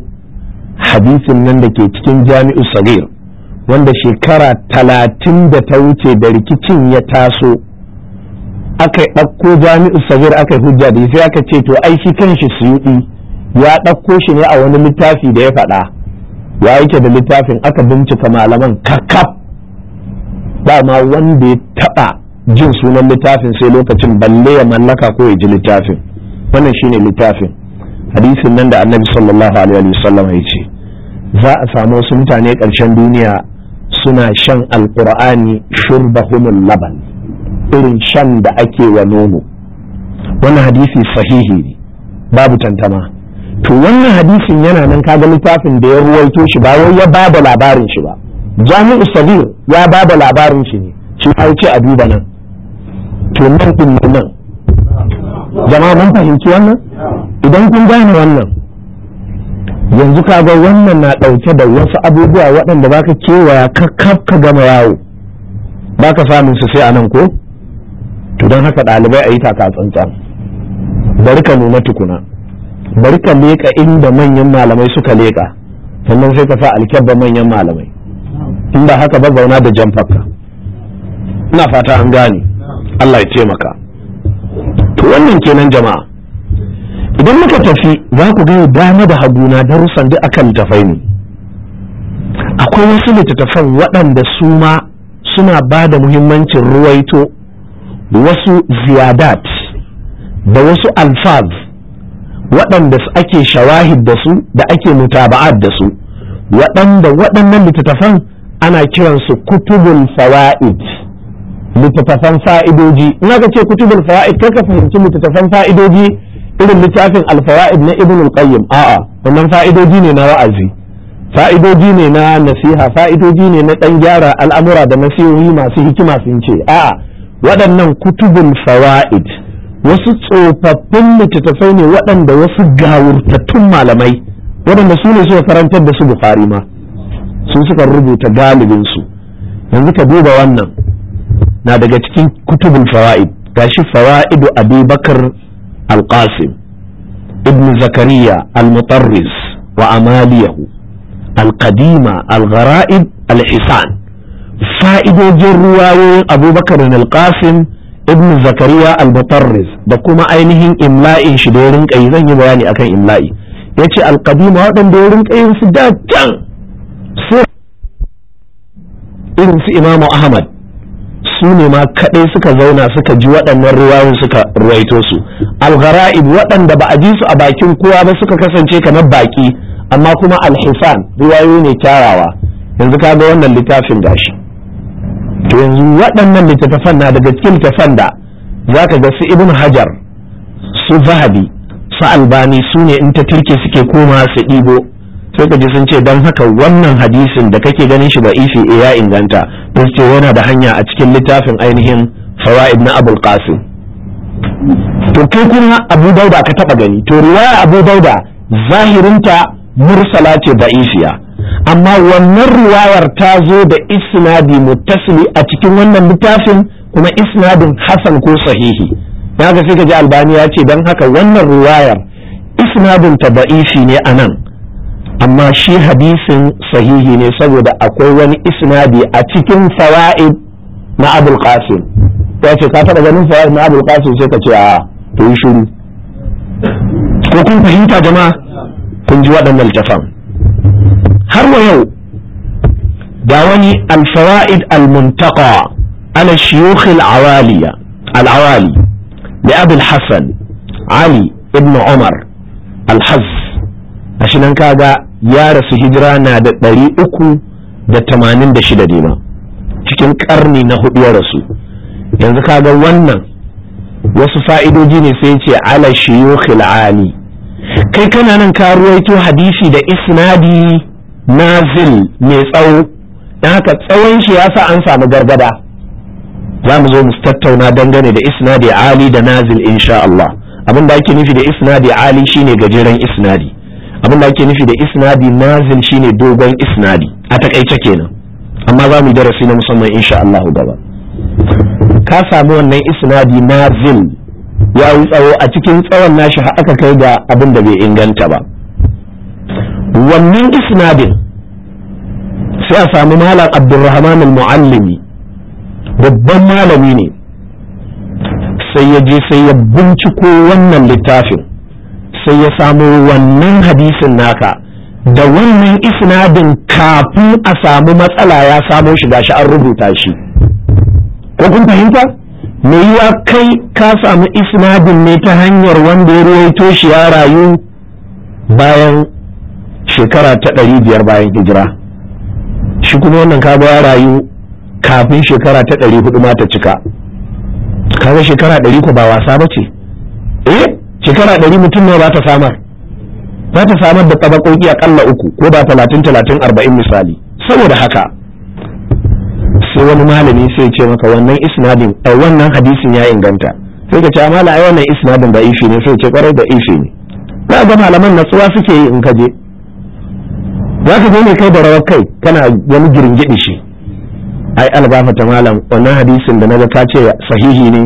hadisin nan da ke cikin jami'u sagir wanda shekara talatin da ta wuce da rikicin ya taso aka ɗauko jami'in sabir aka yi hujja da sai aka ce to ai shi kanshi suyuɗi ya ɗauko shi ne a wani littafi da ya faɗa ya yake da littafin aka bincika malaman kakaf ba ma wanda ya taɓa jin sunan littafin sai lokacin balle ya mallaka ko ya ji littafin wannan shine littafin hadisin nan da annabi sallallahu alaihi wasallam ya ce za a samu wasu mutane ƙarshen duniya suna shan alƙur'ani shurbahumul laban irin shan da ake wa nono wannan hadisi sahihi ne babu tantama to wannan hadisin yana nan kaga littafin da ya ruwaito shi ba wai ya bada labarin shi ba jami'u sabir ya bada labarin shi ne shi ya ce a duba nan to nan kun nan jama'a mun fahimci wannan idan kun gane wannan yanzu kaga wannan na ɗauke da wasu abubuwa waɗanda baka kewaya kakkaf ka gama yawo baka samun su sai a nan ko to don haka ɗalibai a yi taka tsantsan bari ka nuna tukuna bari ka leƙa inda manyan malamai suka leƙa sannan sai ka sa alkyabba manyan malamai in ba haka ba zauna da jan fakka ina fata an gane Allah ya taimaka to wannan kenan jama'a idan muka tafi za ku ga dama da haguna darussan duk akan tafai ne akwai wasu littattafan waɗanda su ma suna ba da muhimmancin ruwaito wasu ziyadat da wasu alfaz waɗanda ake shawahid da su da ake mutaba'at da su waɗanda waɗannan littattafan ana kiransu kutubul fawa'id littattafan fa'idoji ina ga ce kutubul fawa'id ka fahimci littattafan fa'idoji irin littafin alfawa'id na ibn al-qayyim a'a wannan fa'idoji ne na wa'azi fa'idoji ne na nasiha fa'idoji ne na dan gyara al'amura da nasihohi masu hikima sun ce a'a waɗannan kutubul fawaid wasu tsofaffin littattafai ne waɗanda wasu gawurtattun malamai waɗanda su ne suka karantar da su bukari ma sun suka rubuta galibinsu yanzu ka duba wannan na daga cikin kutubul fawaid gashi fawaidu abubakar alqasim ibn zakariya al-mutarris wa amaliyahu al-qadima al-gharaib al-hisan fa'idojin ruwayoyin abubakar bin qasim ibn zakariya al-mutarriz da kuma ainihin imla'in shi da wurin zan yi bayani akan imla'i ya ce alƙadima waɗanda wurin rinka su da can su irin su imamu ahmad su ne ma kaɗai suka zauna suka ji waɗannan ruwayoyin suka ruwaito su alghara'ib waɗanda ba a ji su a bakin kowa ba suka kasance kamar baƙi amma kuma alhisan ruwayo ne tarawa yanzu kaga wannan littafin gashi to yanzu waɗannan littattafan na daga cikin littattafan da za ka ga su ibn hajar su zahabi su albani su ne in ta turke suke koma su ɗibo sai ka ji sun ce don haka wannan hadisin da kake ganin shi ba ifi eh, ya inganta don ce yana da hanya a cikin littafin ainihin fawa'id na abul qasim to kai kuma abu dauda ka taɓa gani to riwaya abu dauda zahirinta mursala ce ba'ifiya amma wannan riwayar ta zo da isnadi muttasili a cikin wannan littafin kuma isnadin hasan ko sahihi na ga sai ka ji albani ya ce don haka wannan riwayar isnadin ta ba'ishi ne a nan amma shi hadisin sahihi ne saboda akwai wani isnadi a cikin fawa'id na abul qasim ta ce ka taɓa ganin fawa'id na abul qasim sai ka ce a to yi shiru ko kun fahimta jama'a kun ji waɗannan littafan har wa yau ga wani alfawa'id almuntaka ala shiyukh alawaliya alawali da abul hassan ali ibn umar alhaz a shi nan kaga ya rasu hijira na da ɗari uku da tamanin da shida ma cikin ƙarni na hudu ya rasu yanzu kaga wannan wasu fa'idoji ne sai ce ala shiyukh ali kai kana nan ka ruwaito hadisi da isnadi nazil mai tsawo don haka tsawon shi ya sa an samu gargada za mu zo mu tattauna dangane da isnadi ali da nazil insha Allah abin da ake nufi da isnadi ali shine gajeren isnadi abin da ake nufi da isnadi nazil shine dogon isnadi a takaice kenan amma za mu darasi na musamman insha Allah gaba ka samu wannan isnadi nazil ya yi tsawo a cikin tsawon nashi aka kai ga abin da bai inganta ba wannan isnadin sai a samu malam abdurrahman al-muallimi babban malami ne sai ya je sai ya binciko wannan littafin sai ya samu wannan hadisin naka da wannan isnadin kafin a samu matsala ya samo shi gashi an rubuta shi ko kun fahimta me yiwa kai ka samu isnadin ne ta hanyar wanda ya ruwaito shi ya rayu bayan shekara ta ɗari biyar bayan hijira shi kuma wannan kaga ya rayu kafin shekara ta ɗari hudu ma ta cika kaga shekara ɗari ko ba wasa ba ce eh shekara ɗari mutum ne ba ta samar ba ta samar da a ƙalla uku ko ba talatin talatin arba'in misali saboda haka sai wani malami sai ce maka wannan isnadin a eh, wannan hadisin ya inganta sai ka ce mala ai wannan isnadin da ishi ne sai ce kwarai da ishi ne na ga malaman natsuwa suke yi in ka je za ka zo ne kai da rawar kai kana wani giringidi shi ai albafa ta malam wannan hadisin da na ga ka ce sahihi ne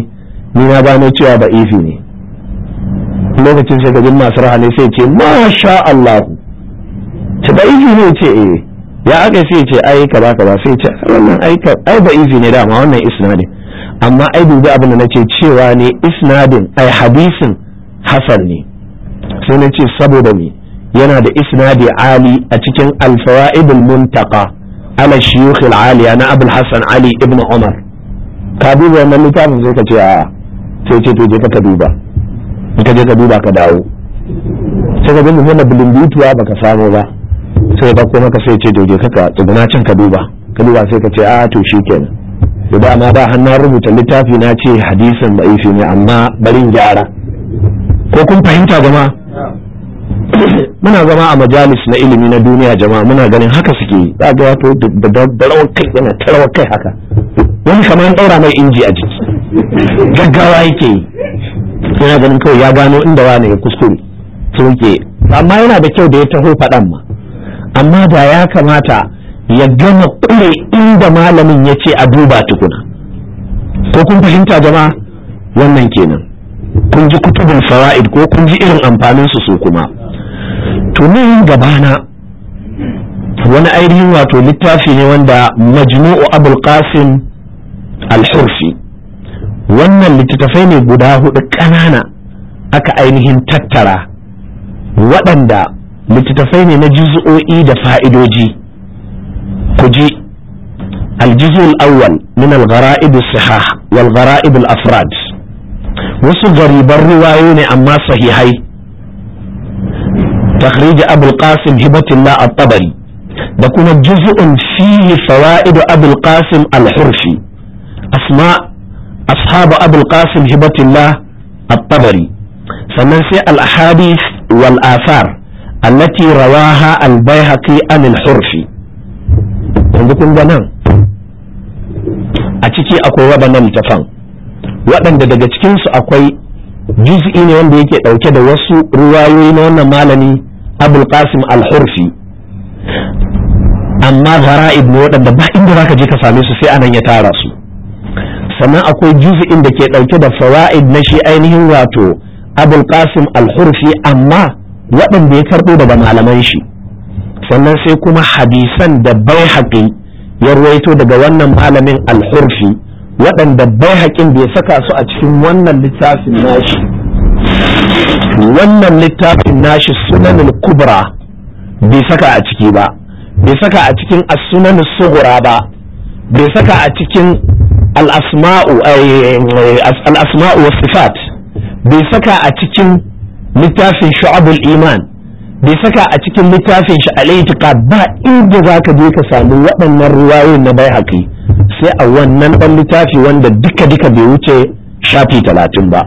ni na gano cewa da ifi ne lokacin sai gajin masu rahane sai ce masha Allah ta da ifi ne ce eh ya aka sai ce ai ka baka ba sai ce wannan ai ka ai da ifi ne dama wannan isnadin amma ai dubi abin da nace cewa ne isnadin ai hadisin hasan ne sai na ce saboda ni. yana da isnadi ali a cikin alfawa'idul muntaka ala shiyukh aliya na abul hasan ali ibn umar ka duba wannan littafin sai ka ce a sai ce to je ka duba in ka je ka duba ka dawo sai ka gani wannan bilimbutuwa baka samu ba sai ka kuma ka sai ce to je ka tsuguna can ka duba ka duba sai ka ce a to shikenan to da ma ba hannun rubuta littafi na ce hadisin da'ifi ne amma barin gyara ko kun fahimta gama muna zama a majalis na ilimi na duniya jama'a muna ganin haka suke yi za ga wato da rawan kai yana tarawa kai haka wani kamar an daura mai inji a jiki gaggawa yake yi yana ganin kawai ya gano inda wani ya kuskure sun amma yana da kyau da ya taho faɗan ma amma da ya kamata ya gama kure inda malamin ya ce a duba tukuna ko kun fahimta jama'a wannan kenan kun ji kutubin fawa'id ko kun ji irin amfanin su su kuma to gabana wani ainihin wato littafi ne wanda majmu'u abul qasim al-hurfi wannan littattafai ne guda hudu ƙanana aka ainihin tattara waɗanda littattafai ne na juz'o'i da fa'idoji ku ji aljuzul awwal min al-gara'ib sihah wal gara'ib afrad wasu gariban ruwayo ne amma sahihai takriji abul qasim hibatullah da kuma juz'un fihi fawaid abul qasim al-hurfi asma ashabu abul qasim hibatullah sannan sai alhadis ahadith wal athar allati rawaha al-baihaqi an hurfi yanzu kun ga a ciki akwai waɗannan littafan waɗanda daga cikinsu akwai juz'i ne wanda yake ɗauke da wasu ruwayoyi na wannan malami abul qasim al-hurfi amma gara'ib ne waɗanda ba inda zaka je ka same su sai anan ya tara su sannan akwai juzu'in da ke ɗauke da fawaid na shi ainihin wato abul qasim al-hurfi amma waɗanda ya karɓo daga malaman shi sannan sai kuma hadisan da bai haƙi ya ruwaito daga wannan malamin al-hurfi waɗanda bai haƙin bai saka su a cikin wannan littafin nashi wannan littafin nashi sunanul kubra bai saka a ciki ba bai saka a cikin as sugura ba bai saka a cikin al-asma'u eh, eh, sifat bai saka a cikin littafin shu'abul iman bai saka a cikin littafin shi al-itiqad ba inda zaka je ka samu waɗannan ruwayoyin na bai haƙi, sai a wannan dan littafi wanda duka duka bai wuce shafi talatin ba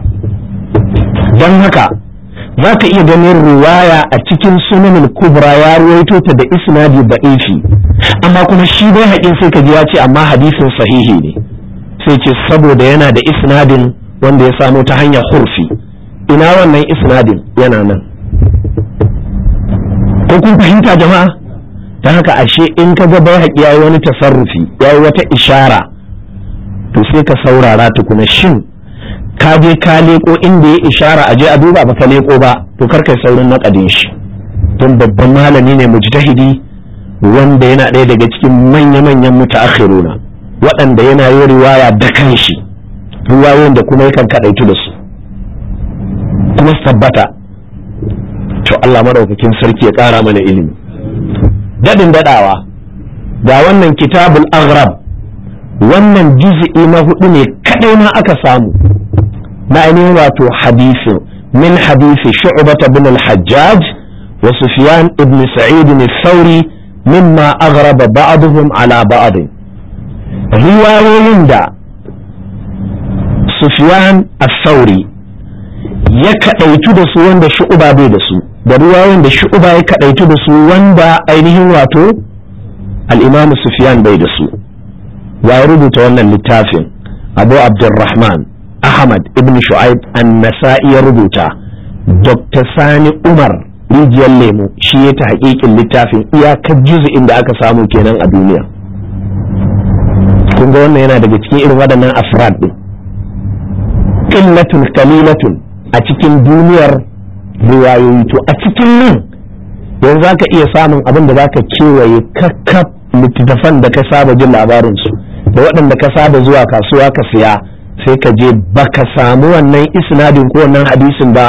don haka za ka iya ganin riwaya a cikin sunanin kubra ya ruwaito ta da isnadi da'ifi amma kuma shi bai haƙin sai ka ji ya ce amma hadisin sahihi ne sai ce saboda yana da isnadin wanda ya samo ta hanyar hurfi ina wannan isnadin yana nan ko kun fahimta jama'a ta haka ashe in ka ga bai haƙi ya yi wani tasarrufi ya yi wata ishara to sai ka saurara tukuna shin ka je ka leko inda ya ishara a je a duba ba ka leko ba to kar kai saurin naƙadin shi don babban malami ne mujtahidi wanda yana ɗaya daga cikin manya-manyan mutaakhiruna waɗanda yana yin riwaya da kanshi riwayoyin da kuma yakan kaɗaitu da su kuma tabbata to Allah madaukakin sarki ya ƙara mana ilimi dadin dadawa ga wannan kitabul aghrab wannan juz'i na hudu ne kadai ma aka samu na ainihin wato hadisin min hadisi shu'bata bin al-hajjaj wa sufyan ibn sa'id bin sauri mimma aghraba ba'dhum ala ba'd riwayoyin da sufyan as-sauri ya kadaitu da su wanda shu'ba bai da su da ruwayoyin da shu'ba ya kadaitu da su wanda ainihin wato al-imam sufyan bai da su ya rubuta wannan littafin abu abdurrahman ahmad ibn shu'aib an-nasa'i ya rubuta dr sani umar rijiyar lemo shi ya ta hakikin littafin iyakar juzu'in inda aka samu kenan a duniya kun ga wannan yana daga cikin irin waɗannan afrad ɗin qillatun qalilatun a cikin duniyar riwayoyi to a cikin nan yanzu za ka iya samun abin da za ka kewaye kakkaf littattafan da ka saba jin labarinsu da waɗanda ka saba zuwa kasuwa ka siya sai ka je baka samu wannan isnadin ko wannan hadisin ba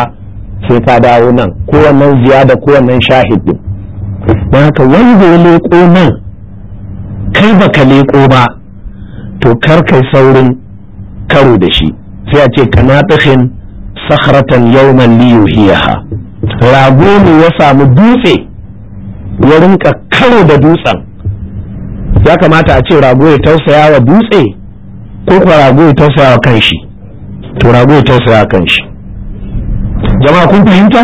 sai ka dawo nan ko wannan ziyada ko wannan shahidin don haka wanda ya leko nan kai baka leko ba to kar kai saurin karo da shi sai a ce kana tsakin yauman yawman liyuhiyaha rago ne ya samu dutse ya rinka karo da dutsen ya kamata a ce rago ya tausaya wa dutse ko fa rago ya tausaya wa kan shi to rago ya tausaya wa kan shi jama'a kun fahimta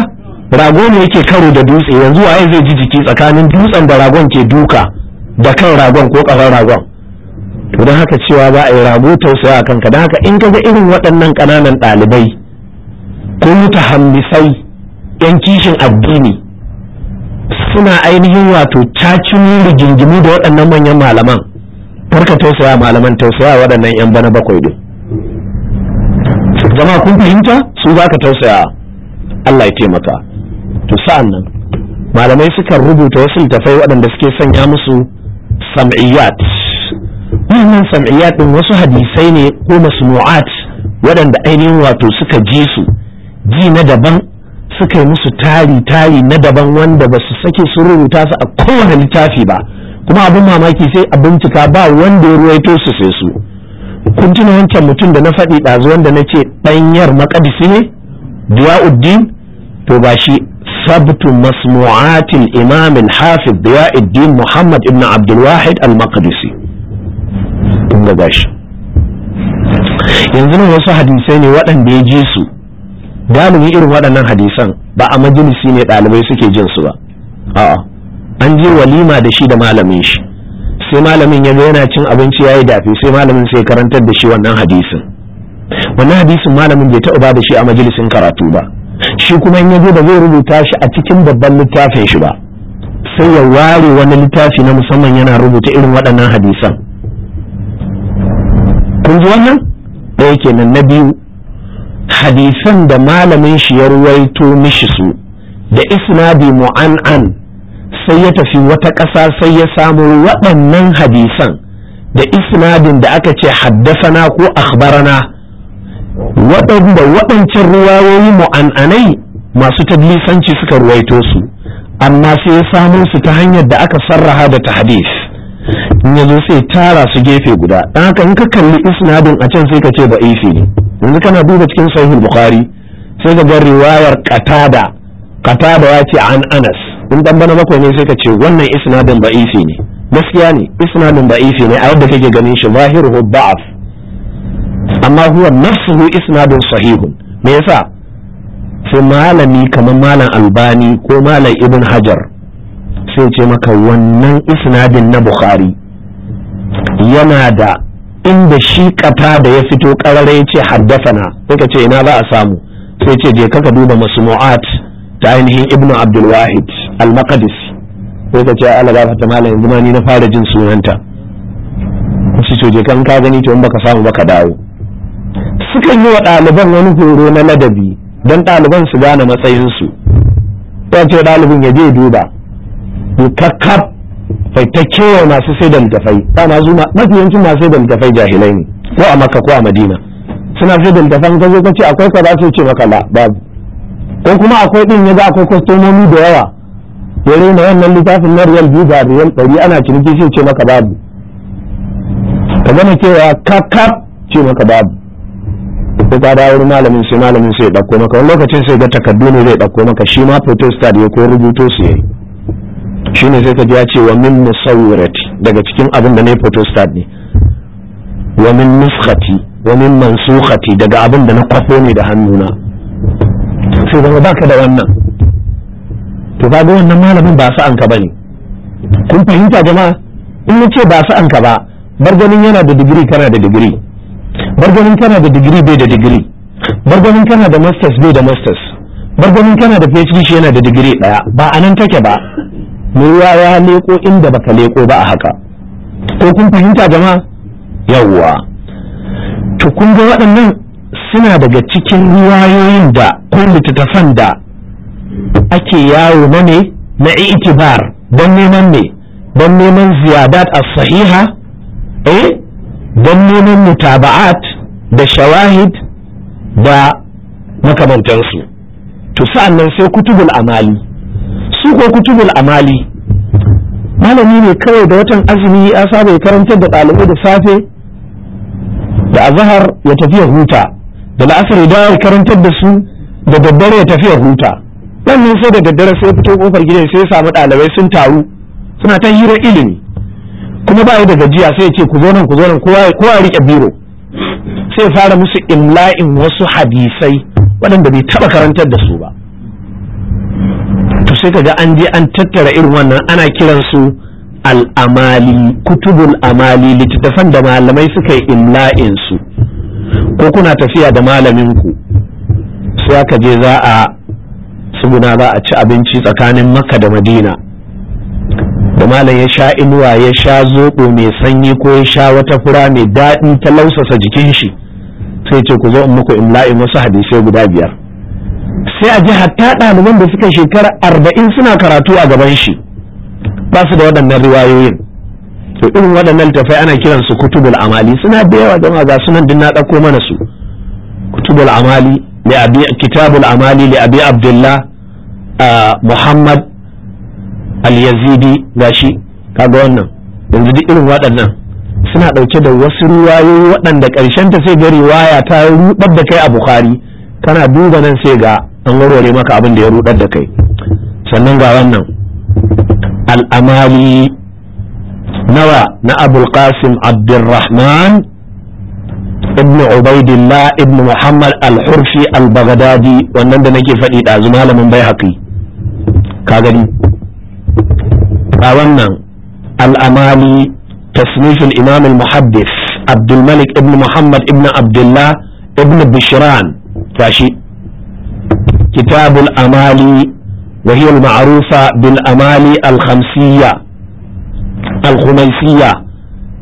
rago ne yake karo da dutse yanzu waye zai ji jiki tsakanin dutsen da ragon ke duka da kan ragon ko kafar ragon to don haka cewa za a yi rago tausaya a kanka don haka in ka ga irin waɗannan ƙananan ɗalibai ko mutahammisai yan kishin addini suna ainihin wato cacin rigingimu da waɗannan manyan malaman ka tausaya malaman tausaya waɗannan yan bana bakwai din jama'a kun fahimta su za ka tausaya Allah ya taimaka to sa'an nan malamai suka rubuta wasu littafai waɗanda suke sanya musu sam'iyat wannan sam'iyat ɗin wasu hadisai ne ko masnu'at waɗanda ainihin wato suka ji su ji na daban suka yi musu tari tari na daban wanda ba su sake sun rubuta su a kowane littafi ba kuma abin mamaki sai a bincika ba wanda ya ruwaito su sai su kuntuna tuna wancan mutum da na faɗi ɗazu wanda na ce ɗanyar maƙadisi ne diya'uddin to ba shi ثبت مسموعات الإمام muhammad ibn abdulwahid al ابن عبد الواحد المقدسي yanzu nan wasu hadisai ne waɗanda ya ji su galibi irin waɗannan hadisan ba a majalisi ne ɗalibai suke jin su ba a'a an je walima da shi da malamin shi sai malamin ya ga yana cin abinci yayi dafi sai malamin sai karantar da shi wannan hadisin wannan hadisin malamin bai taɓa bada shi a majalisin karatu ba shi kuma in zo ba zai rubuta shi a cikin babban littafin shi ba sai ya ware wani littafi na musamman yana rubuta irin waɗannan hadisan kun ji wannan ɗaya kenan na biyu hadisan da malamin shi ya ruwaito mishi su da isnadi mu'an'an sai ya tafi wata ƙasa sai ya samu waɗannan hadisan da isnadin da aka ce haddasana ko akhbarana waɗanda waɗancan ruwayoyi mu'an'anai masu tadlisanci suka ruwaito su amma sai ya samu su ta hanyar da aka sarraha da ta ya zo sai tara su gefe guda dan haka in ka kalli isnadin a can sai ka ce ba da'ifi ne yanzu kana duba cikin sahih bukhari sai ka ga riwayar qatada qatada ya ce an anas in dan bana bakwai ne sai ka ce wannan isnadin ba'isi ne gaskiya ne isnadin ba'isi ne a yadda kake ganin shi zahiruhu ba'af amma huwa nafsuhu isnadun sahihun me yasa sai malami kamar malam albani ko malam ibn hajar sai ce maka wannan isnadin na bukhari yana da inda shi kata da ya fito karare ya ce na. sai ka ce ina za a samu sai ce je kaka duba masmu'at ta ainihin Ibnu abdul wahid al-maqdis sai ka ce Allah ba ta malam yanzu ma ni na fara jin sunanta su ce kan ka gani to in baka samu baka dawo sukan yi wa ɗaliban wani horo na ladabi don ɗaliban su gane matsayinsu su ce ɗalibin ya je duba ya kakkaf fai ta kewa masu sai da littafai mafi yancin masu sai da jahilai ne ko a makka ko a madina suna sai da littafan ka zo ka ce akwai kaza su ce maka la babu ko kuma akwai ɗin ya ga akwai kwastomomi da yawa ya raina wannan littafin na riyal biyu da riyal ɗari ana ciniki shi ce maka babu ka gama cewa kakaf ce maka babu ko ka dawo wurin malamin sai malamin sai ya ɗauko maka wani lokacin sai ga takardu ne zai ɗauko maka shi ma protestant ya koyi rubuto su yayi shi ne sai ka ji ya ce wa min musawirati daga cikin abin da na yi protestant ne wa min nuskati wa min mansukati daga abin da na kwafo ne da hannuna sai zama baka da wannan to kaga wannan malamin ba sa'an ka bane kun fahimta jama'a in na ce ba sa'an ka ba bar ganin yana da digiri kana da digiri bar ganin kana da digiri bai da digiri bar ganin kana da masters bai da masters bar ganin kana da phd shi yana da digiri daya ba anan take ba mu ruwa ya leko inda baka leko ba a haka ko kun fahimta jama'a yawwa to kun ga waɗannan suna daga cikin ruwayoyin da ko littattafan da ake yawo na ne na itibar don neman ne don neman ziyadat a sahiha eh don neman mutaba'at da shawahid da makamantansu to sa'an nan sai kutubul amali su ko kutubul amali malami ne kawai da watan azumi ya saba ya karantar da ɗalibai da safe da azahar ya tafi ya huta da la'asar ya dawo karantar da su da daddare ya tafi ya huta sannan sai da daddare sai fito kofar gidan sai samu ɗalibai sun taru suna ta hira ilimi kuma ba da gajiya sai ce ku zo nan ku zo nan kowa rike biro sai fara musu imla'in wasu hadisai waɗanda bai taba karantar da su ba to sai ga an je an tattara irin wannan ana kiransu al'amali kutubul amali littattafan da malamai suka yi imla'in su ko kuna tafiya da malamin ku sai aka je za a tsuguna za a ci abinci tsakanin makka da madina da malam ya sha inuwa ya sha zoɓo mai sanyi ko ya sha wata fura mai daɗi ta lausasa jikin shi sai ce ku zo in muku imla'in wasu hadisai guda biyar sai a ji hatta ɗaliban da suka shekara arba'in suna karatu a gaban shi ba su da waɗannan riwayoyin to irin waɗannan littafai ana kiransu kutubul amali suna da yawa jama'a ga sunan din na ɗauko mana su kutubul amali li abi kitabul amali li abi abdullah muhammad al-yazidi gashi kaga wannan yanzu duk irin waɗannan suna ɗauke da wasu ruwayoyi waɗanda ƙarshen ta sai ga riwaya ta ruɗar da kai a bukhari kana duba nan sai ga an warware maka abin da ya ruɗar da kai sannan ga wannan al'amali nawa na abul qasim abdurrahman ibn ubaidillah ibn muhammad al-hurfi al-baghdadi wannan da nake faɗi ɗazu malamin bai haƙi ka gani a wannan al'amali تصنيف الإمام المحدث عبد الملك ابن محمد ابن عبد الله ابن بشران فاشي كتاب الأمالي وهي المعروفة بالأمالي الخمسية الخميسية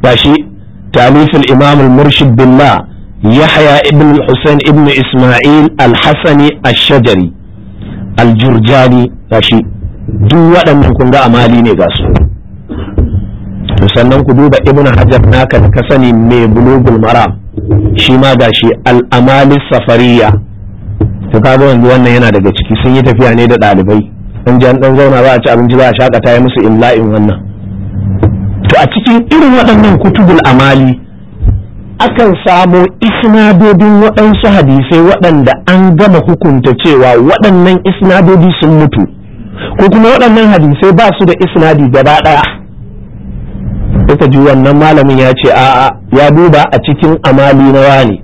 فاشي تأليف الإمام المرشد بالله يحيى ابن الحسين ابن إسماعيل الحسني الشجري الجرجاني فاشي duk waɗannan kun ga amali ne ga su sannan ku duba ibn hajar naka da ka sani mai bulugul maram shi ma gashi al'amali safariya to kaga wanzu wannan yana daga ciki sun yi tafiya ne da ɗalibai an ji an ɗan zauna za a ci abinci za a shakata ya musu imla'in wannan to a cikin irin waɗannan kutubul amali akan samo isnadodin waɗansu hadisai waɗanda an gama hukunta cewa waɗannan isnadodi sun mutu ko kuma waɗannan hadisai ba su da isnadi gaba ɗaya suka ji wannan malamin ya ce a'a ya duba a cikin amali na wani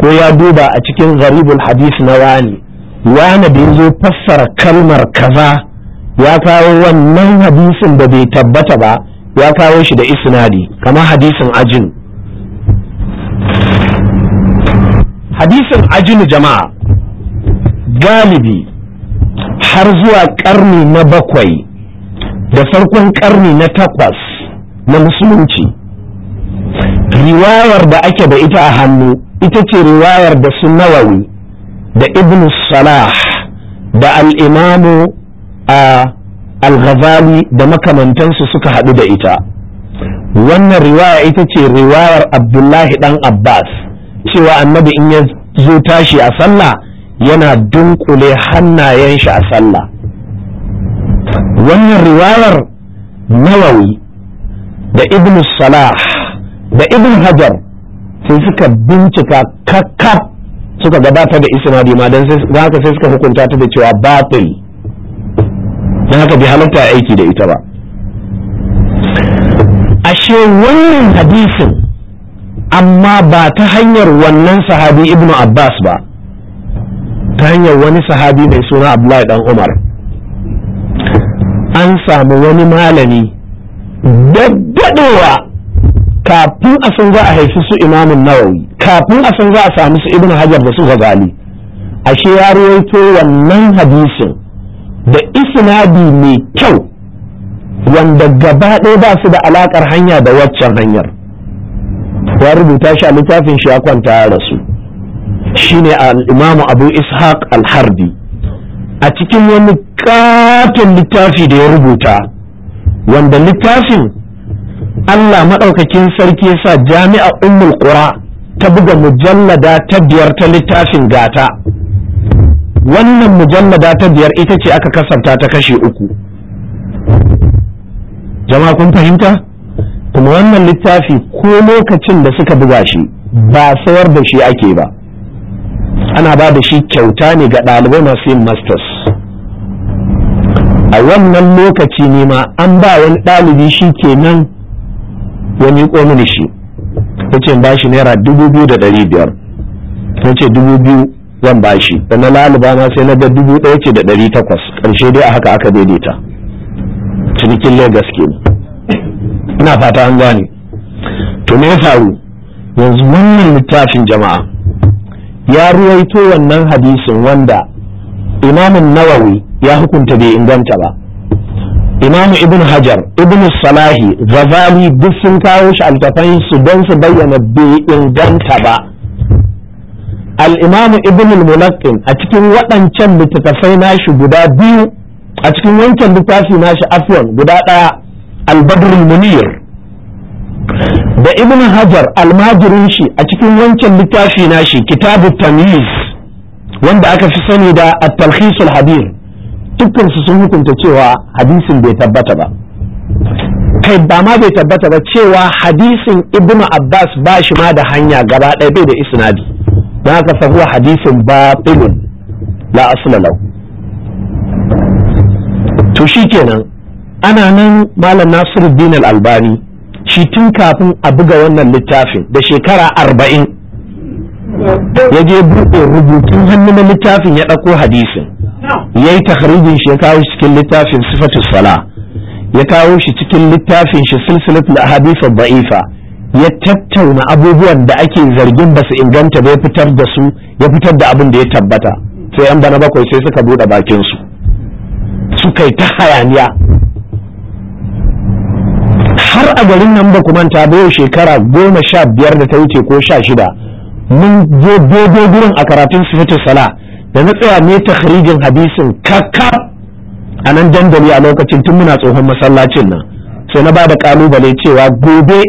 ko ya duba a cikin gharibul hadis na wani wani da zo fassara kalmar kaza ya kawo wannan hadisin da bai tabbata ba ya kawo shi da isnadi kamar hadisin ajin hadisin ajin jama'a galibi har zuwa karni na bakwai da farkon karni na takwas na musulunci riwayar da ake da ita a hannu ita ce riwayar da su nawawi da ibn salah da al'imamu a al-ghazali da makamantansu suka haɗu da ita wannan riwaya ita ce riwayar abdullahi dan abbas cewa annabi in ya zo tashi a sallah yana dunkule hannayen shi a sallah wannan riwayar nawawi da ibn salah da ibn hajar sai suka bincika kakka suka gabata da isnadi ma don haka sai suka hukunta ta da cewa batil don haka bi halatta aiki da ita ba ashe wannan hadisin amma ba ta hanyar wannan sahabi ibnu abbas ba ta hanyar wani sahabi mai suna abdullahi dan umar an samu wani malami daddadowa kafin a san za a haifi su imamun nawawi kafin a san za a samu su ibn hajar da su ghazali ashe ya rawaito wannan hadisin da isnadi mai kyau wanda gaba ɗaya ba su da alaƙar hanya da waccan hanyar ya rubuta shi a littafin shi ya kwanta ya rasu shine al-imamu abu ishaq al-harbi a cikin wani katon littafi da ya rubuta wanda littafin Allah maɗaukakin sarki ya sa jami'a ummul qura ta buga mujallada ta biyar ta littafin gata wannan mujallada ta biyar ita ce aka kasanta ta kashe uku jama'a kun fahimta kuma wannan littafi ko lokacin da suka buga shi ba sayar da shi ake ba ana ba da shi kyauta ne ga ɗalibai masu yin masters a wannan lokaci ne ma an ba wani ɗalibi shi ke nan wani mini shi ta ce ba shi naira dubu biyu da ɗari biyar ta ce dubu biyu zan ba shi da na laliba ma sai na ga dubu ɗaya ce da ɗari takwas ƙarshe dai a haka aka daidaita cinikin lagos ke ina fata an gane to me ya faru yanzu wannan littafin jama'a ya ruwaito wannan hadisin wanda imamin nawawi ya hukunta bai inganta ba imamu ibn hajar ibn salahi zazali duk sun kawo shi alkafai su don su bayyana bai inganta ba al'imamu ibn al-mulaqin a cikin waɗancan littattafai nashi guda biyu a cikin wancan littafi nashi afwan guda ɗaya albadrul munir da ibn hajar almajirin shi a cikin wancan littafi shi kitabu tamiz wanda aka fi sani da at-talkhisul habir dukkan su sun hukunta cewa hadisin bai tabbata ba kai ba ma bai tabbata ba cewa hadisin ibn abbas ba shi ma da hanya gaba ɗaya bai da isnadi don haka fahuwa hadisin batilun la asla lau to shikenan ana nan malam nasiruddin al-albani shi tun kafin a buga wannan littafin da shekara arba'in ya je buɗe rubutun hannu na littafin ya ɗauko hadisin ya yi tahrijin shi ya kawo shi cikin littafin sifatu sala ya kawo shi cikin littafin shi na hadisa ba'ifa ya tattauna abubuwan da ake zargin ba su inganta ba ya fitar da su ya fitar da abin da ya tabbata sai an bana bakwai sai suka buɗe bakin su suka yi ta hayaniya har a garin nan ba kuma manta ba yau shekara goma sha biyar da ta wuce ko sha shida mun zo dogo gurin a karatun sifatu sala da na tsaya ne harijin hadisin kaka a nan dandali a lokacin tun muna tsohon masallacin nan sai na ba da kalubale cewa gobe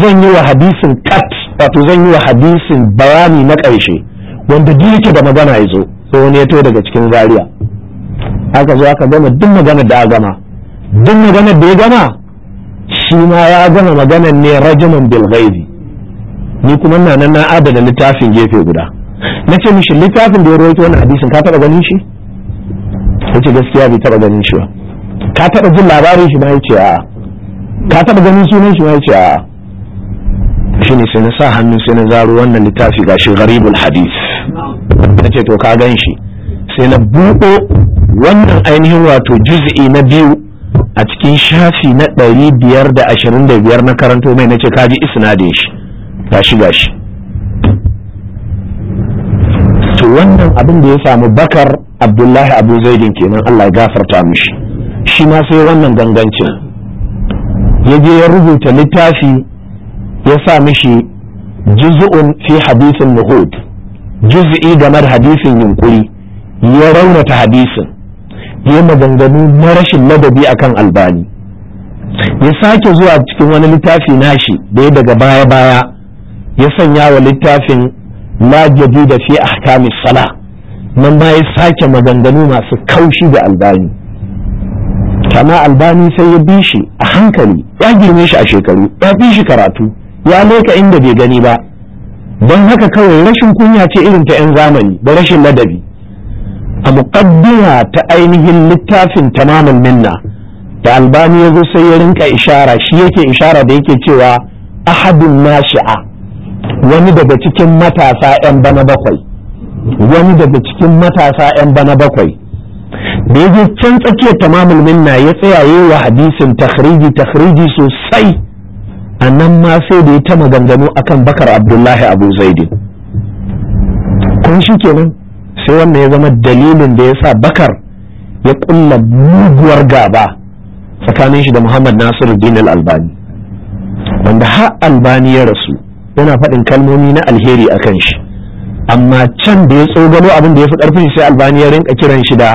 zan yi wa hadisin kat wato zan yi wa hadisin bayani na ƙarshe wanda duk yake da magana ya zo sai wani ya to daga cikin zaria aka zo aka gama duk magana da a gama duk magana da ya gama shi ma ya gama maganan ne rajaman bil ni kuma na nan na adana littafin gefe guda na ce mishi littafin da ya rawaito wannan hadisin ka taba ganin shi ya ce gaskiya bai taba ganin shi ba ka taba jin labarin shi ma ya ce a'a ka taba ganin sunan shi ma ya ce a'a shi ne sai na sa hannu sai na zaro wannan littafi ga shi gharibul hadis na ce to ka gan shi sai na buɗo wannan ainihin wato juz'i na biyu a cikin shafi na ɗari biyar da ashirin da biyar na karanto mai nace kaji isnadin shi shiga shi. to wannan abin da ya samu bakar abdullahi abu zaidin kenan allah ya gafarta mishi shi ma sai wannan gangancin ya je ya rubuta littafi ya sa mishi juzu'un fi hadisin nuhud juz'i game da hadisin yunkuri ya raunata hadisin ya maganganu na rashin ladabi kan albani ya sake zuwa cikin wani littafi nashi da ya daga baya-baya ya sanya wa littafin la da fi ahkamis sala nan ba ya sake maganganu masu kaushi da albani kama albani sai ya bi shi a hankali ya girme shi a shekaru ya bi shi karatu ya leka inda bai gani ba don haka kawai rashin kunya ce irin ta 'yan zamani da rashin ladabi a muqaddima ta ainihin littafin tamamul minna da albani ya zo sai ya rinka ishara shi yake ishara da yake cewa ahadin na nashi'a wani daga cikin matasa 'yan bana bakwai wani daga cikin matasa 'yan bana bakwai da yaje je can tsakiyar tamamul minna ya tsayaye wa hadisin takhriji takhriji sosai a nan ma sai da ya ta ganganu akan bakar abdullahi abu zaidi kun shi kenan sai wannan ya zama dalilin da ya sa bakar ya kulla muguwar gaba tsakanin shi da muhammad nasiru dinar albani wanda har albani ya rasu yana faɗin kalmomi na alheri a kan shi amma can da ya tsogalo abin da ya fi ƙarfin sai albani ya rinka kiran shi da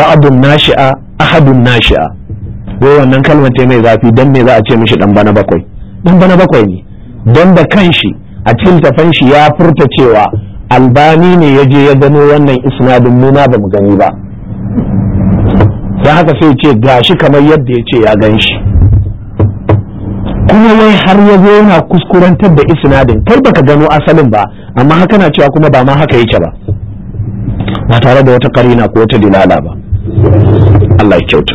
ba'adun nashi'a ahadun nashi'a wai wannan kalmar ta mai zafi dan me za a ce mishi dan bana bakwai dan bana bakwai ne don da shi a cikin tafan shi ya furta cewa albani ne ya je ya gano wannan isnadin muna ba mu gani ba don haka sai ce gashi kamar yadda ya ce ya gan shi kuma wai har ya zo yana kuskurantar da isnadin kai baka gano asalin ba amma haka na cewa kuma ba ma haka yake ba ba tare da wata karina ko wata dilala ba Allah ya kyauta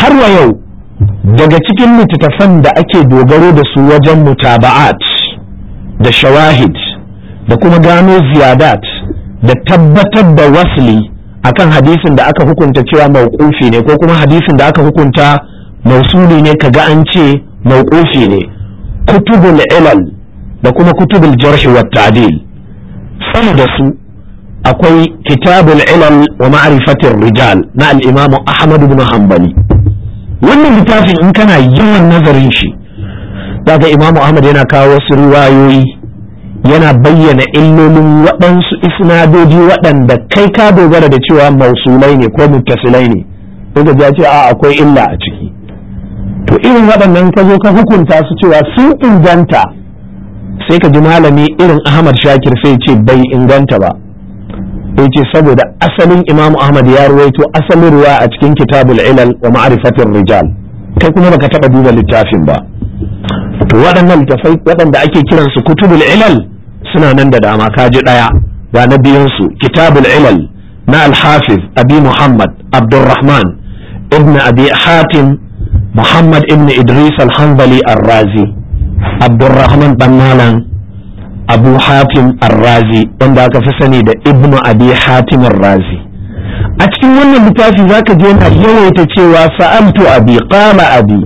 har wa yau daga cikin littattafan da ake dogaro da su wajen mutaba'at da shawahid da kuma gano ziyadat da tabbatar da wasli akan hadisin da aka hukunta cewa mauqufi ne ko kuma hadisin da aka hukunta mausuli ne kaga an ce mauqufi ne kutubul ilal da kuma kutubul jarh wa ta'dil sama da su akwai kitabul ilal wa ma'rifatir rijal na al-imam Ahmad ibn Hanbali wannan littafin in kana yawan nazarin shi ga imamu ahmad yana kawo wasu riwayoyi yana bayyana illolin waɗansu isnadoji waɗanda kai ka dogara da cewa mausulai ne ko muttasilai ne daga ya ce a akwai illa a ciki to irin waɗannan ka zo ka hukunta su cewa sun inganta sai ka ji malami irin ahmad shakir sai ce bai inganta ba sai ce saboda asalin imamu ahmad ya ruwaito asalin ruwa a cikin kitabul ilal wa ma'arifatin rijal kai kuma baka taɓa duba littafin ba to waɗannan tafai waɗanda ake kiransu kutubul ilal suna nan da dama kaji ɗaya ga na su kitabul ilal na alhafiz abi muhammad abdurrahman ibn abi hatim muhammad ibn idris alhanbali arrazi abdurrahman dan malam abu hatim arrazi wanda aka fi sani da ibn abi hatim arrazi a cikin wannan littafi zaka je yana yawaita cewa sa'altu abi qala abi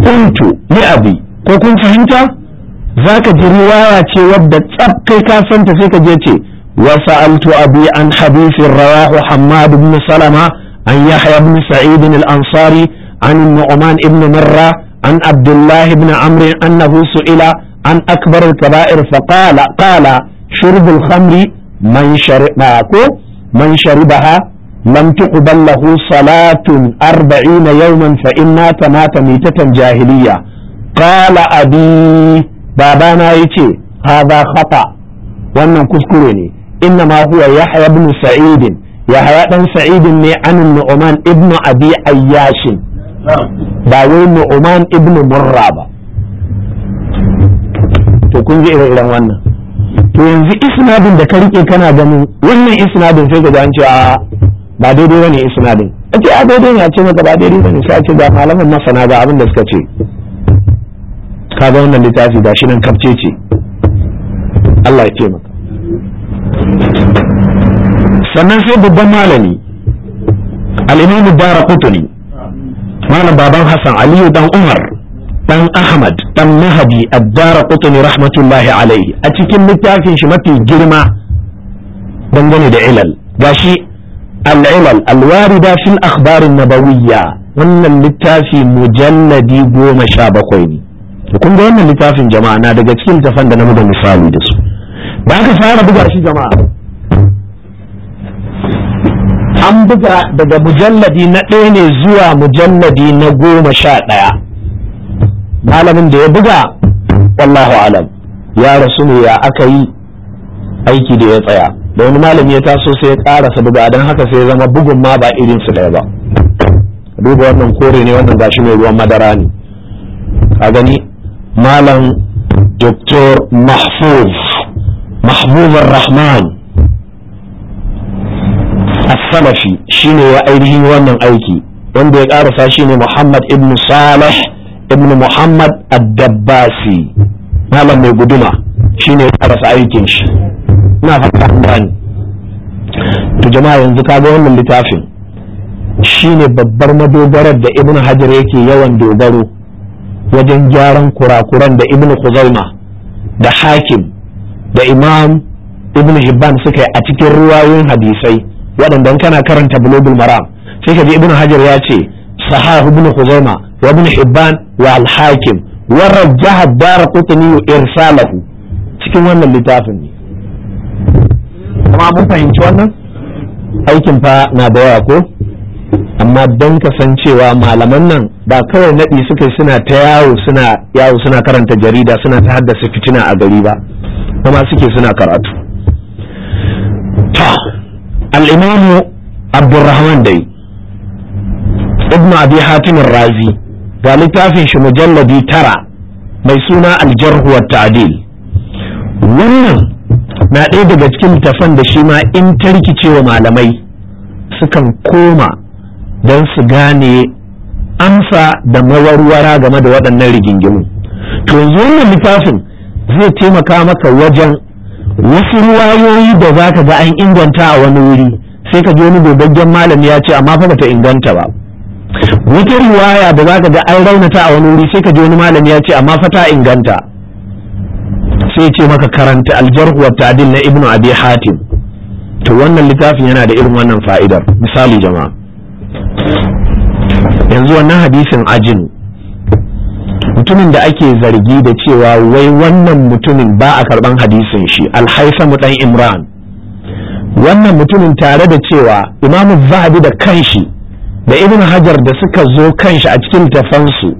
kuntu ni abi ko kun fahimta za ka ji riwaya ce wadda tsab kai ka santa sai ka je ce wa sa'altu abi an hadithin rawahu hammad ibn salama an yahya ibn sa'id al-ansari an nu'man ibn marra an abdullah ibn amr annahu su'ila an akbar al-kaba'ir fa qala qala shurb al-khamri man shariba ko man sharibaha لم تقبل له صلاة أربعين يوما فإن مات مات ميتة qala abi babana yace hadha khata wannan kuskure ne inna ma huwa yahya ibn sa'id yahya dan sa'id ne an nu'man ibn abi ayyash ba wai nu'man ibn murra ba to kun ji irin iren wannan to yanzu isnadin da ka rike kana ganin wannan isnadin sai ga an ce a ba daidai bane isnadin ake a daidai ne a ce maka ba daidai bane sai a ce ba malaman masana ga abin da suka ce kaga wannan littafi shi nan kafce ce Allah ya taimaka sannan sai babban malami al malam baban Hassan Aliyu dan Umar dan Ahmad dan mahadi ad kutuni rahmatullahi alaihi a cikin littafin shi mafi girma dangane da ilal gashi alilal الواردة في الأخبار النبوية wannan littafi mujalladi goma sha bakwai ne to kun ga wannan littafin jama'a na daga cikin littafan da na da misali da su da aka fara buga shi jama'a an buga daga mujalladi na ɗaya ne zuwa mujalladi na goma sha ɗaya malamin da ya buga wallahu alam ya rasu ne ya aka yi aiki da ya tsaya da wani malami ya taso sai ya ƙarasa buga don haka sai ya zama bugun ma ba irin su ɗaya ba duba wannan kore ne wannan gashi mai ruwan madara ne a gani malam doktor mahfuz mahbub rahman salafi shine ya ainihin wannan aiki wanda ya karasa shine muhammad ibn salih ibn muhammad ad malam mai guduma shine ya karasa aikin shi ina fata bani to jama'a yanzu kaga wannan littafin shine babbar madogarar da ibn hajar yake yawan dogaro wajen gyaran kurakuran da ibn Khuzaimah da hakim da imam ibn hibban suka yi a cikin ruwayoyin hadisai waɗanda kana karanta bulogul maram sai ka ji ibn hajar ya ce sahahu ibn Khuzaimah wa ibn hibban wa al-hakim wa rajjaha dar qutni irsalahu cikin wannan littafin ne kuma mun fahimci wannan aikin fa na da yawa ko amma don cewa malaman nan ba kawai naɗi suka suna ta yawo suna yawo suna karanta jarida suna ta haddasa fitina a gari ba kuma suke suna karatu ta al'imamu abdurrahman dai ibn abi hatim razi ga littafin shi mujalladi tara mai suna aljarhu wa ta'dil wannan na ɗaya daga cikin littafan da shi ma in tarkicewa malamai sukan koma don su gane amsa da mawarwara game da waɗannan rigingimu to wannan littafin zai taimaka maka wajen wasu ruwayoyi da za ka ga an inganta a wani wuri sai ka ji wani dogaggen malami ya ce amma fa bata inganta ba wata ruwaya da za ka ga an raunata a wani wuri sai ka ji wani malami ya ce amma fa ta inganta sai ce maka karanta aljarhu wa ta'dil na ibnu abi hatim to wannan littafin yana da irin wannan fa'idar misali jama'a yanzu wannan hadisin ajinu mutumin da ake zargi da cewa wai wannan mutumin ba a karban hadisin shi alhaisamu dan imran wannan mutumin tare da cewa imamu zahabi da kanshi da ibn hajar da suka zo kanshi a cikin tafansu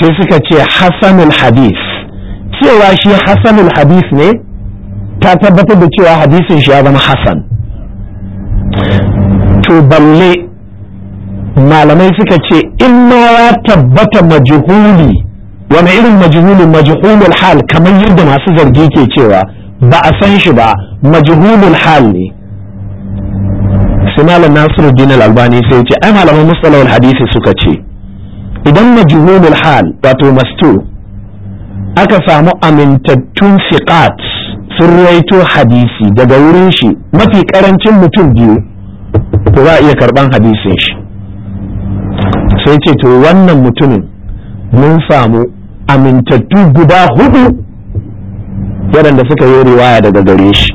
sai suka ce hasanul hadis cewa shi hasanul hadis ne ta tabbatar da cewa hadisin shi ya zama hasan to balle malamai suka ce in ma ya tabbata majhuli wani irin majhulin majhulul hal kamar yadda masu zargi ke cewa ba a san shi ba majhulul hal ne sai malam Nasiruddin Al-Albani sai ya ce ai malaman mustalahul hadisi suka ce idan majhulul hal wato mastu aka samu amintattun fiqat sun ruwaito hadisi daga wurin shi mafi karancin mutum biyu to iya karban hadisin shi sai ce to wannan mutumin mun samu amintattu guda hudu da suka yi riwaya daga gare shi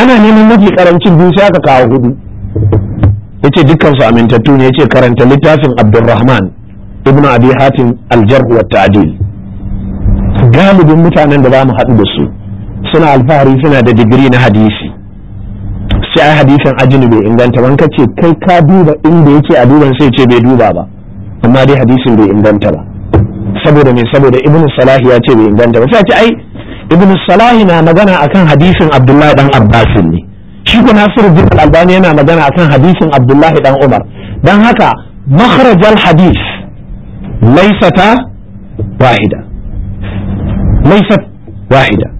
ana neman mafi karancin biyu sai aka kawo hudu ya ce dukkansu amintattu ne ya ce karanta littafin abdulrahman ibn abi hatim aljarh wa ta'dil galibin mutanen da za mu haɗu da su suna alfahari suna da digiri na hadisi ce ai hadisin ajini bai inganta ban kace kai ka duba inda yake a duban sai ce bai duba ba amma dai hadisin bai inganta ba saboda me saboda ibnu Salahi ya ce bai inganta ba sai ce ai ibnu na magana akan hadisin abdullahi dan abbas ne shi ko nasiruddin albani yana magana akan hadisin abdullahi dan umar dan haka makharajal hadis laysata wahida laysat wahida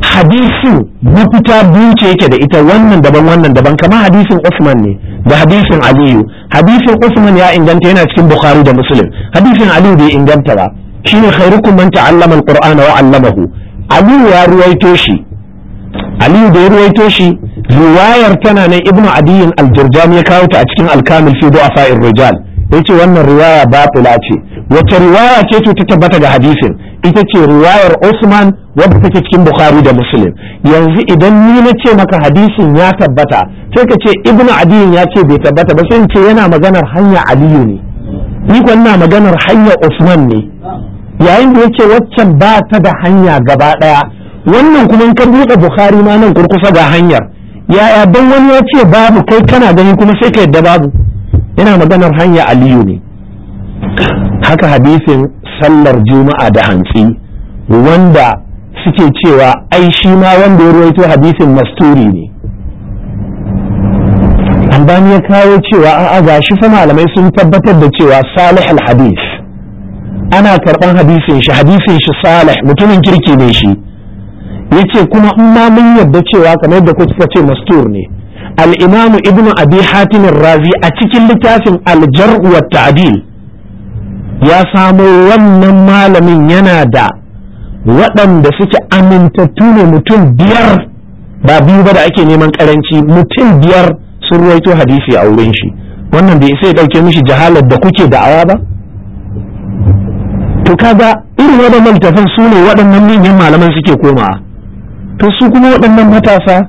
hadisin mafita biyu ce yake da ita wannan daban wannan daban kamar hadisin Usman ne da hadisin Aliyu hadisin Usman ya inganta yana cikin Bukhari da Muslim hadisin Aliyu bai inganta ba shine khairukum man ta'allama al-Qur'ana wa 'allamahu Aliyu ya ruwaito shi Aliyu da ya ruwaito shi riwayar tana nan Ibn Adiyin al-Jurjani ya kawo ta a cikin Al-Kamil fi Du'afa'ir Rijal yace wannan riwaya batila ce wacce riwaya ce to ta tabbata ga hadisin ita ce riwayar Usman wadda take cikin Bukhari da Muslim yanzu idan ni na ce maka hadisin ya tabbata sai ka ce Ibn Adi ya ce bai tabbata ba sai ce yana maganar hanya Aliyu ne ni ko ina maganar hanya Usman ne yayin da yake waccan ba ta da hanya gaba daya wannan kuma in ka buɗe Bukhari ma nan kurkusa ga hanyar yaya don wani ya ce babu kai kana gani kuma sai ka yadda babu yana maganar hanya Aliyu ne haka hadisin sallar juma'a da hantsi wanda suke cewa ai shi ma wanda ya ruwaito hadisin masturi ne albani ya kawo cewa a'a ga shi fa malamai sun tabbatar da cewa salih al-hadis ana karban hadisin shi hadisin shi salih mutumin kirki ne shi yace kuma in ma mun yarda cewa kamar da kuka ce mastur ne al-imam ibnu abi hatim razi a cikin littafin al-jar' wa ta'dil ya samo wannan malamin yana da waɗanda suke amintattu ne mutum biyar ba biyu ba da ake neman karanci mutum biyar sun ruwaito hadisi a wurin shi wannan bai sai ɗauke mishi jahalar da kuke da awa ba to kaga irin waɗannan littafan su ne waɗannan manyan malaman suke komawa to su kuma waɗannan matasa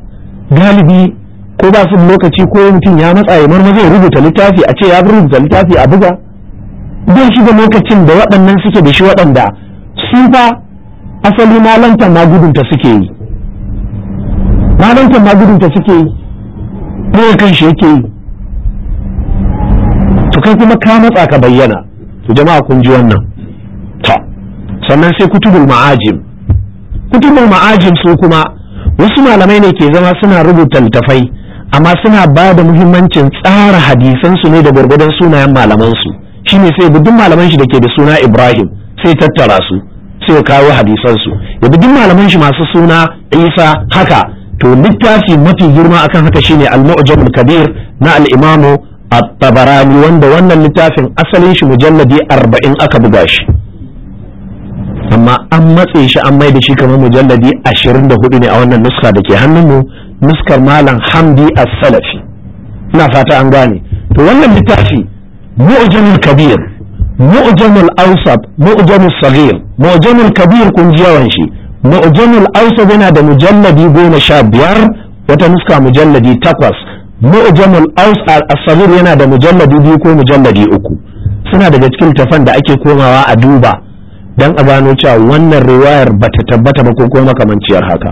galibi ko ba su lokaci ko mutum ya matsa ya marma zai rubuta littafi a ce ya rubuta littafi a buga zai da lokacin da waɗannan suke da shi waɗanda sun fa asali malantar ma gudunta suke yi malantar ma gudunta suke yi ne kan shi yake yi to kai kuma ka matsa ka bayyana to jama'a kun ji wannan ta sannan sai kutubul ma'ajim kutubul ma'ajim su kuma wasu malamai ne ke zama suna rubuta littafai amma suna ba da muhimmancin tsara hadisansu ne da gwargwadon sunayen malamansu shine sai bi duk malaman shi dake da suna Ibrahim sai tattara su sai ya kawo hadisan su ya bi duk malaman shi masu suna Isa haka to littafi mafi girma akan haka shine al-mu'jam kabir na al-imam at-tabarani wanda wannan littafin asalin shi mujalladi 40 aka buga shi amma an matse shi an mai da shi kamar mujalladi 24 ne a wannan nuska da ke hannunmu nuskar malam hamdi as-salafi ina fata an gane to wannan littafi mu'jamul kabir mu'jamul awsat mu'jamul saghir mu'jamul kabir kun ji yawan shi mu'jamul awsat yana da mujalladi goma sha biyar wata nuska mujalladi takwas mu'jamul awsat as-saghir yana da mujalladi biyu ko mujalladi uku suna daga cikin tafan da ake komawa a duba dan a gano cewa wannan riwayar bata tabbata ba ko kuma makamanciyar haka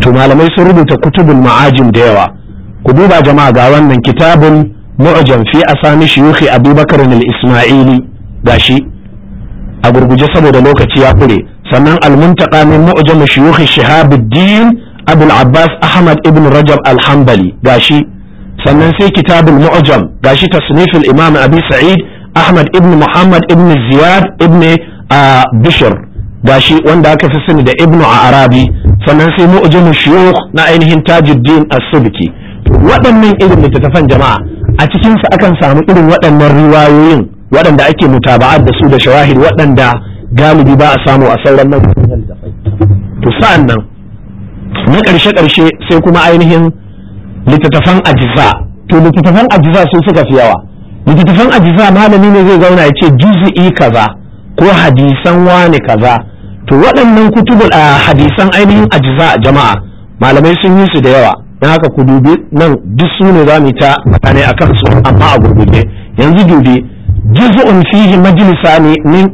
to malamai sun rubuta kutubin ma'ajim da yawa ku duba jama'a ga wannan kitabun mu'jam fi asami shuyukhi abubakar al-isma'ili gashi a gurguje saboda lokaci ya kure sannan al-muntaqa min mu'jam shuyukhi shihabuddin abul abbas ahmad ibn rajab alhambali hanbali gashi sannan sai kitabul mu'jam gashi tasniful imam abi sa'id ahmad ibn muhammad ibn ziyad ibn bishr gashi wanda aka fi sani da ibn arabi sannan sai mu'jam shuyukh na ainihin tajuddin as-subki waɗannan irin littattafan jama'a a cikinsu akan samu irin waɗannan riwayoyin waɗanda ake mutaba'ar da su da shawahid waɗanda galibi ba a samu a sauran nan to sa'an nan na ƙarshe ƙarshe sai kuma ainihin littattafan ajiza to littattafan ajiza su suka fi yawa littattafan ajiza malami ne zai zauna ya ce juzu'i kaza ko hadisan wani kaza to waɗannan kutubul a hadisan ainihin ajiza jama'a malamai sun yi su da yawa don haka ku dubi nan duk su ne za mu ta mutane a kansu amma a gurguje yanzu dubi juz'un fihi majlisani min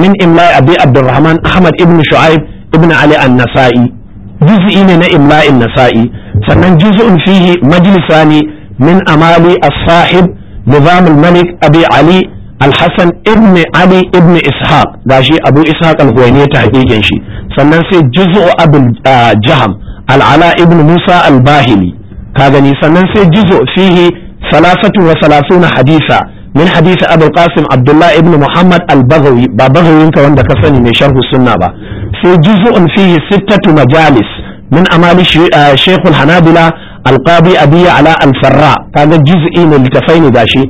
min imla'i abi abdurrahman ahmad ibn shu'aib ibn ali an-nasa'i juz'i ne na imla'in nasa'i sannan juz'un fihi ne min amali as-sahib nizam al-malik abi ali alhassan ibn ali ibn ishak gashi abu ishaq al-huwaini ta hakikin shi sannan sai juz'u abul ah, jaham al'ala ibn musa al-bahili ka gani sannan sai juz'u fihi salasatu wa salasuna hadisa min hadisa abu qasim abdullah ibn muhammad al ba baghawin ka wanda ka sani mai sharhu sunna ba sai juz'un fihi sittatu majalis min amali shaykhul ah, hanabila al-qadi abi ala al-farra kaga juz'i ne litafai ne gashi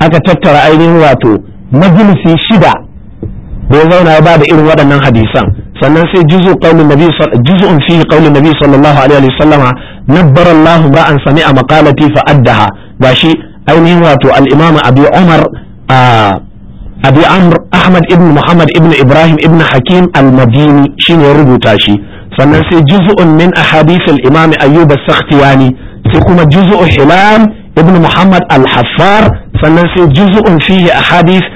aka tattara ainihin wato majalisi shida da zauna ya bada irin waɗannan hadisan sannan sai juzu qaulin nabi juz'un fihi qaulin nabi sallallahu alaihi wa sallama nabbara Allah ba an sami'a maqalati fa addaha gashi ainihin wato al-imam Abi Umar Abi Amr Ahmad ibn Muhammad ibn Ibrahim ibn Hakim al-Madini shine ya rubuta shi sannan sai un min ahadith al-imam Ayyub as-Sakhtiyani sai kuma juz'u hilal ibn muhammad al-haffar sannan sai juz'un fihi ahadith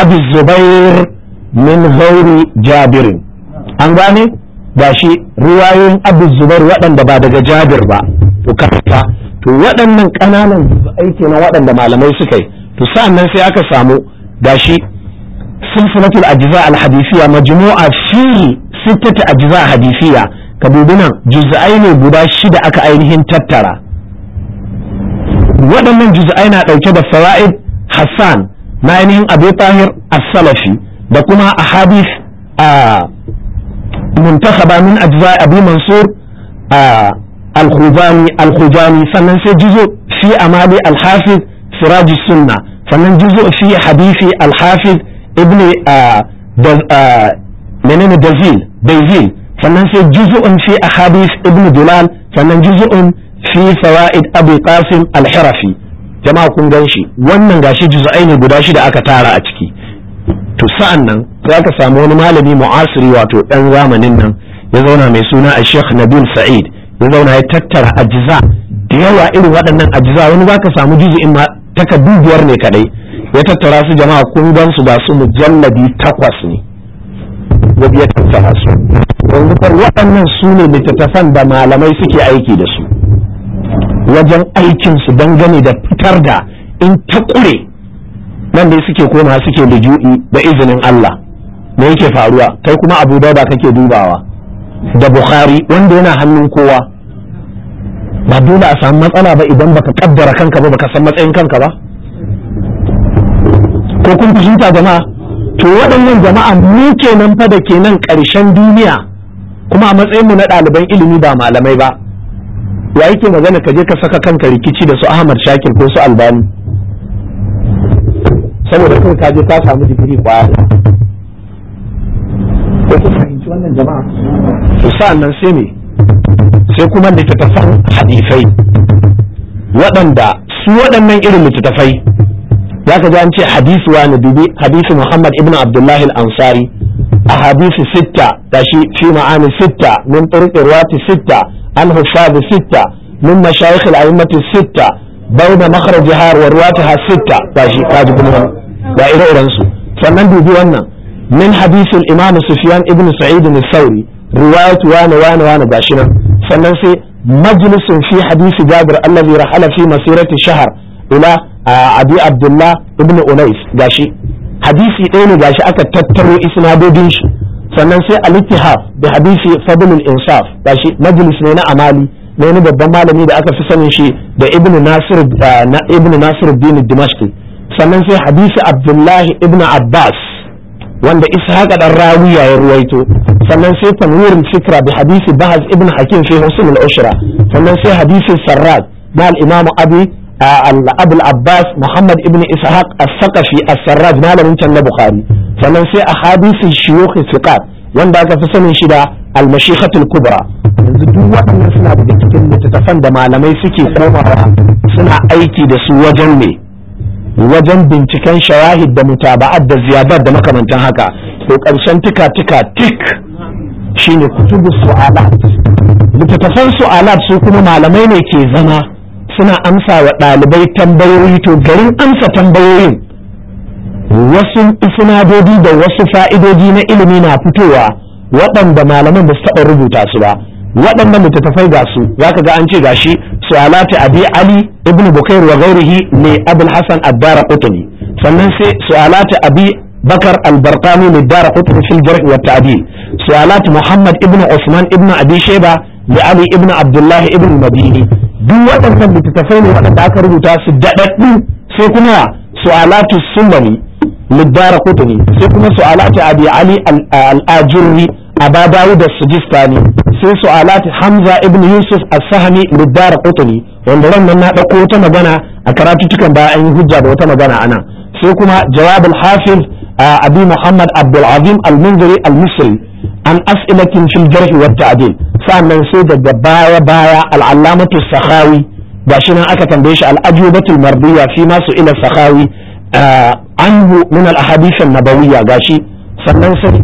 abi zubair min ghairi jabirin an gane ba shi riwayoyin abu zubair waɗanda ba daga jabir ba to karfa to waɗannan ƙananan aiki na waɗanda malamai suka yi to sa'an sai aka samu gashi silsilatul ajza al hadisiya majmu'a fi sittati ajza hadisiya ka dubi nan juz'ai ne guda shida aka ainihin tattara waɗannan juzu'ai na ɗauke da fara'id hassan na ainihin abu tahir as-salafi da kuma ahadith a muntakaba min mansur a al-khuzani al sannan sai juzu fi amali al-hafiz siraji sunna sannan juzu fi hadisi al-hafiz ibn menene dazil dazil sannan sai fi ahadith ibn dulal sannan juzu'un fi fawaid abu qasim al-hirafi jama'a kun shi wannan gashi juz'ai ne guda shida aka tara a ciki to sa'an nan za ka samu wani malami mu'asiri wato dan zamanin nan ya zauna mai suna a sheikh nabil sa'id ya zauna ya tattara ajiza da yawa irin waɗannan ajiza wani za ka samu juzu'in ma takadubuwar ne kadai ya tattara su jama'a kun gan su ba su mujalladi takwas ne ya tattara su yanzu waɗannan su ne littattafan da malamai suke aiki da su wajen aikinsu dangane da fitar da in ta ƙure nan dai suke koma suke da ju'i da izinin Allah me yake faruwa kai kuma abu dauda kake dubawa da bukhari wanda yana hannun kowa ba dole a samu matsala ba idan baka kaddara kanka ba baka san matsayin kanka ba ko kun fahimta jama'a to waɗannan jama'a mu kenan fa da kenan ƙarshen duniya kuma a matsayinmu na ɗaliban ilimi ba malamai ba ya yake magana ka je ka saka kanka rikici da su Ahmad Shakir ko su Albani saboda kai ka je ka samu digiri kwaya ko ku fahimci wannan jama'a sa nan sai me sai kuma littattafan hadisai waɗanda su waɗannan irin littattafai za ka ji an ce hadisu wa dubi hadisu Muhammad ibn Abdullahi al-Ansari أحاديث ستة تشي في معاني ستة من طرق الرواة ستة عن حفاظ ستة من مشايخ الأئمة الستة بين مخرجها ورواتها ستة تشي كاجب وإلى إرنسو فمن بيجي من حديث الإمام سفيان ابن سعيد الثوري رواية وانا وانا وانا باشنا فمن في مجلس في حديث جابر الذي رحل في مسيرة شهر إلى عدي عبد الله ابن أنيس باشي hadisi ɗaya ne gashi aka tattaro isnadodin shi sannan sai al-ittihaf da hadisi fadlul insaf gashi majlis ne na amali na wani babban malami da aka fi sanin shi da ibnu nasir na ibnu nasir bin dimashqi sannan sai hadisi abdullahi ibnu abbas wanda ishaqa dan rawiya ya ruwaito sannan sai tanwirul fikra bi hadisi bahaz ibnu hakim fi husn ushra sannan sai hadisi sarrad na al-imam abi abul abbas muhammad ibn ishaq as sakafi, as-sarraj malamin can na bukhari sannan sai a hadisin shiyukh thiqat wanda aka fi sanin shi da al-mashikhatul kubra yanzu duk waɗannan suna daga cikin littattafan da malamai suke komawa suna aiki da su wajen ne wajen binciken shawahid da mutaba'at da ziyadat da makamantan haka to karshen tika tika tik shine kutubu su'alat littattafan su'alat su kuma malamai ne ke zama suna amsa wa ɗalibai tambayoyi to garin amsa tambayoyin wasu sinadodi da wasu fa'idodi na ilimi na fitowa waɗanda malaman ba su taɓa rubuta su ba waɗanda littattafai ga su za ka ga an ce gashi su'alati abi ali ibn bukair wa gaurihi ne abul hasan addara qutni sannan sai su'alati abi bakar albarqani ne dara qutni fil jarh wa ta'dil su'alati muhammad ibn usman ibn abi shayba da ali ibn abdullah ibn madini duk waɗannan littattafai ne waɗanda aka rubuta su daɗaɗɗu sai kuma su'alatu sulami lidara kutuni sai kuma su'alatu abi ali al-ajurri aba su as-sijistani sai su'alatu hamza ibn yusuf as-sahmi lidara kutuni wanda wannan na ɗauko wata magana a tukan baya an yi hujja da wata magana ana sai kuma jawab al-hafiz abi muhammad abdul azim al-munziri al-misri an as'ilatin fil jarh wa ta'dil sannan sai daga baya baya al-allamatu sakhawi gashi nan aka tambaye shi al-ajubatul mardiya fi ma su'ila sakhawi eh, anhu min al-ahadith an-nabawiyya gashi sannan sai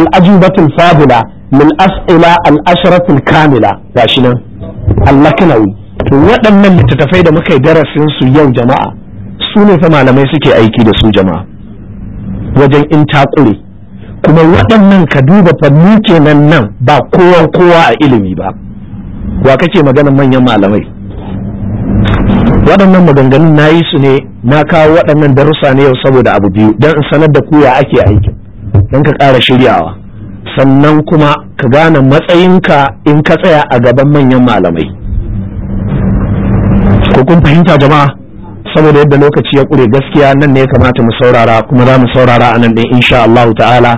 al-ajubatul fadila min as'ila al-ashratul kamila gashi nan al-laknawi waɗannan littattafai da muka yi darasin su yau jama'a su ne fa malamai suke aiki da su jama'a wajen in takure kuma waɗannan ka duba fanni kenan nan ba kowan kowa a ilimi ba wa kake magana manyan malamai waɗannan maganganun na yi su ne na kawo waɗannan darussa ne yau saboda abu biyu don in sanar da ku ya ake aiki don ka ƙara shiryawa sannan kuma ka gane matsayinka in ka tsaya a gaban manyan malamai ko kun fahimta jama'a saboda yadda lokaci ya ƙure gaskiya nan ne ya kamata mu saurara kuma za mu saurara a nan ɗin insha Allah ta'ala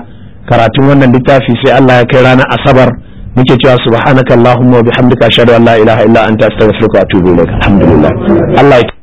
karatun wannan littafi sai Allah ya kai ranar asabar muke cewa subhanakallahumma wa bihamdika ashhadu an la ilaha illa anta astaghfiruka wa atubu ilaik alhamdulillah Allah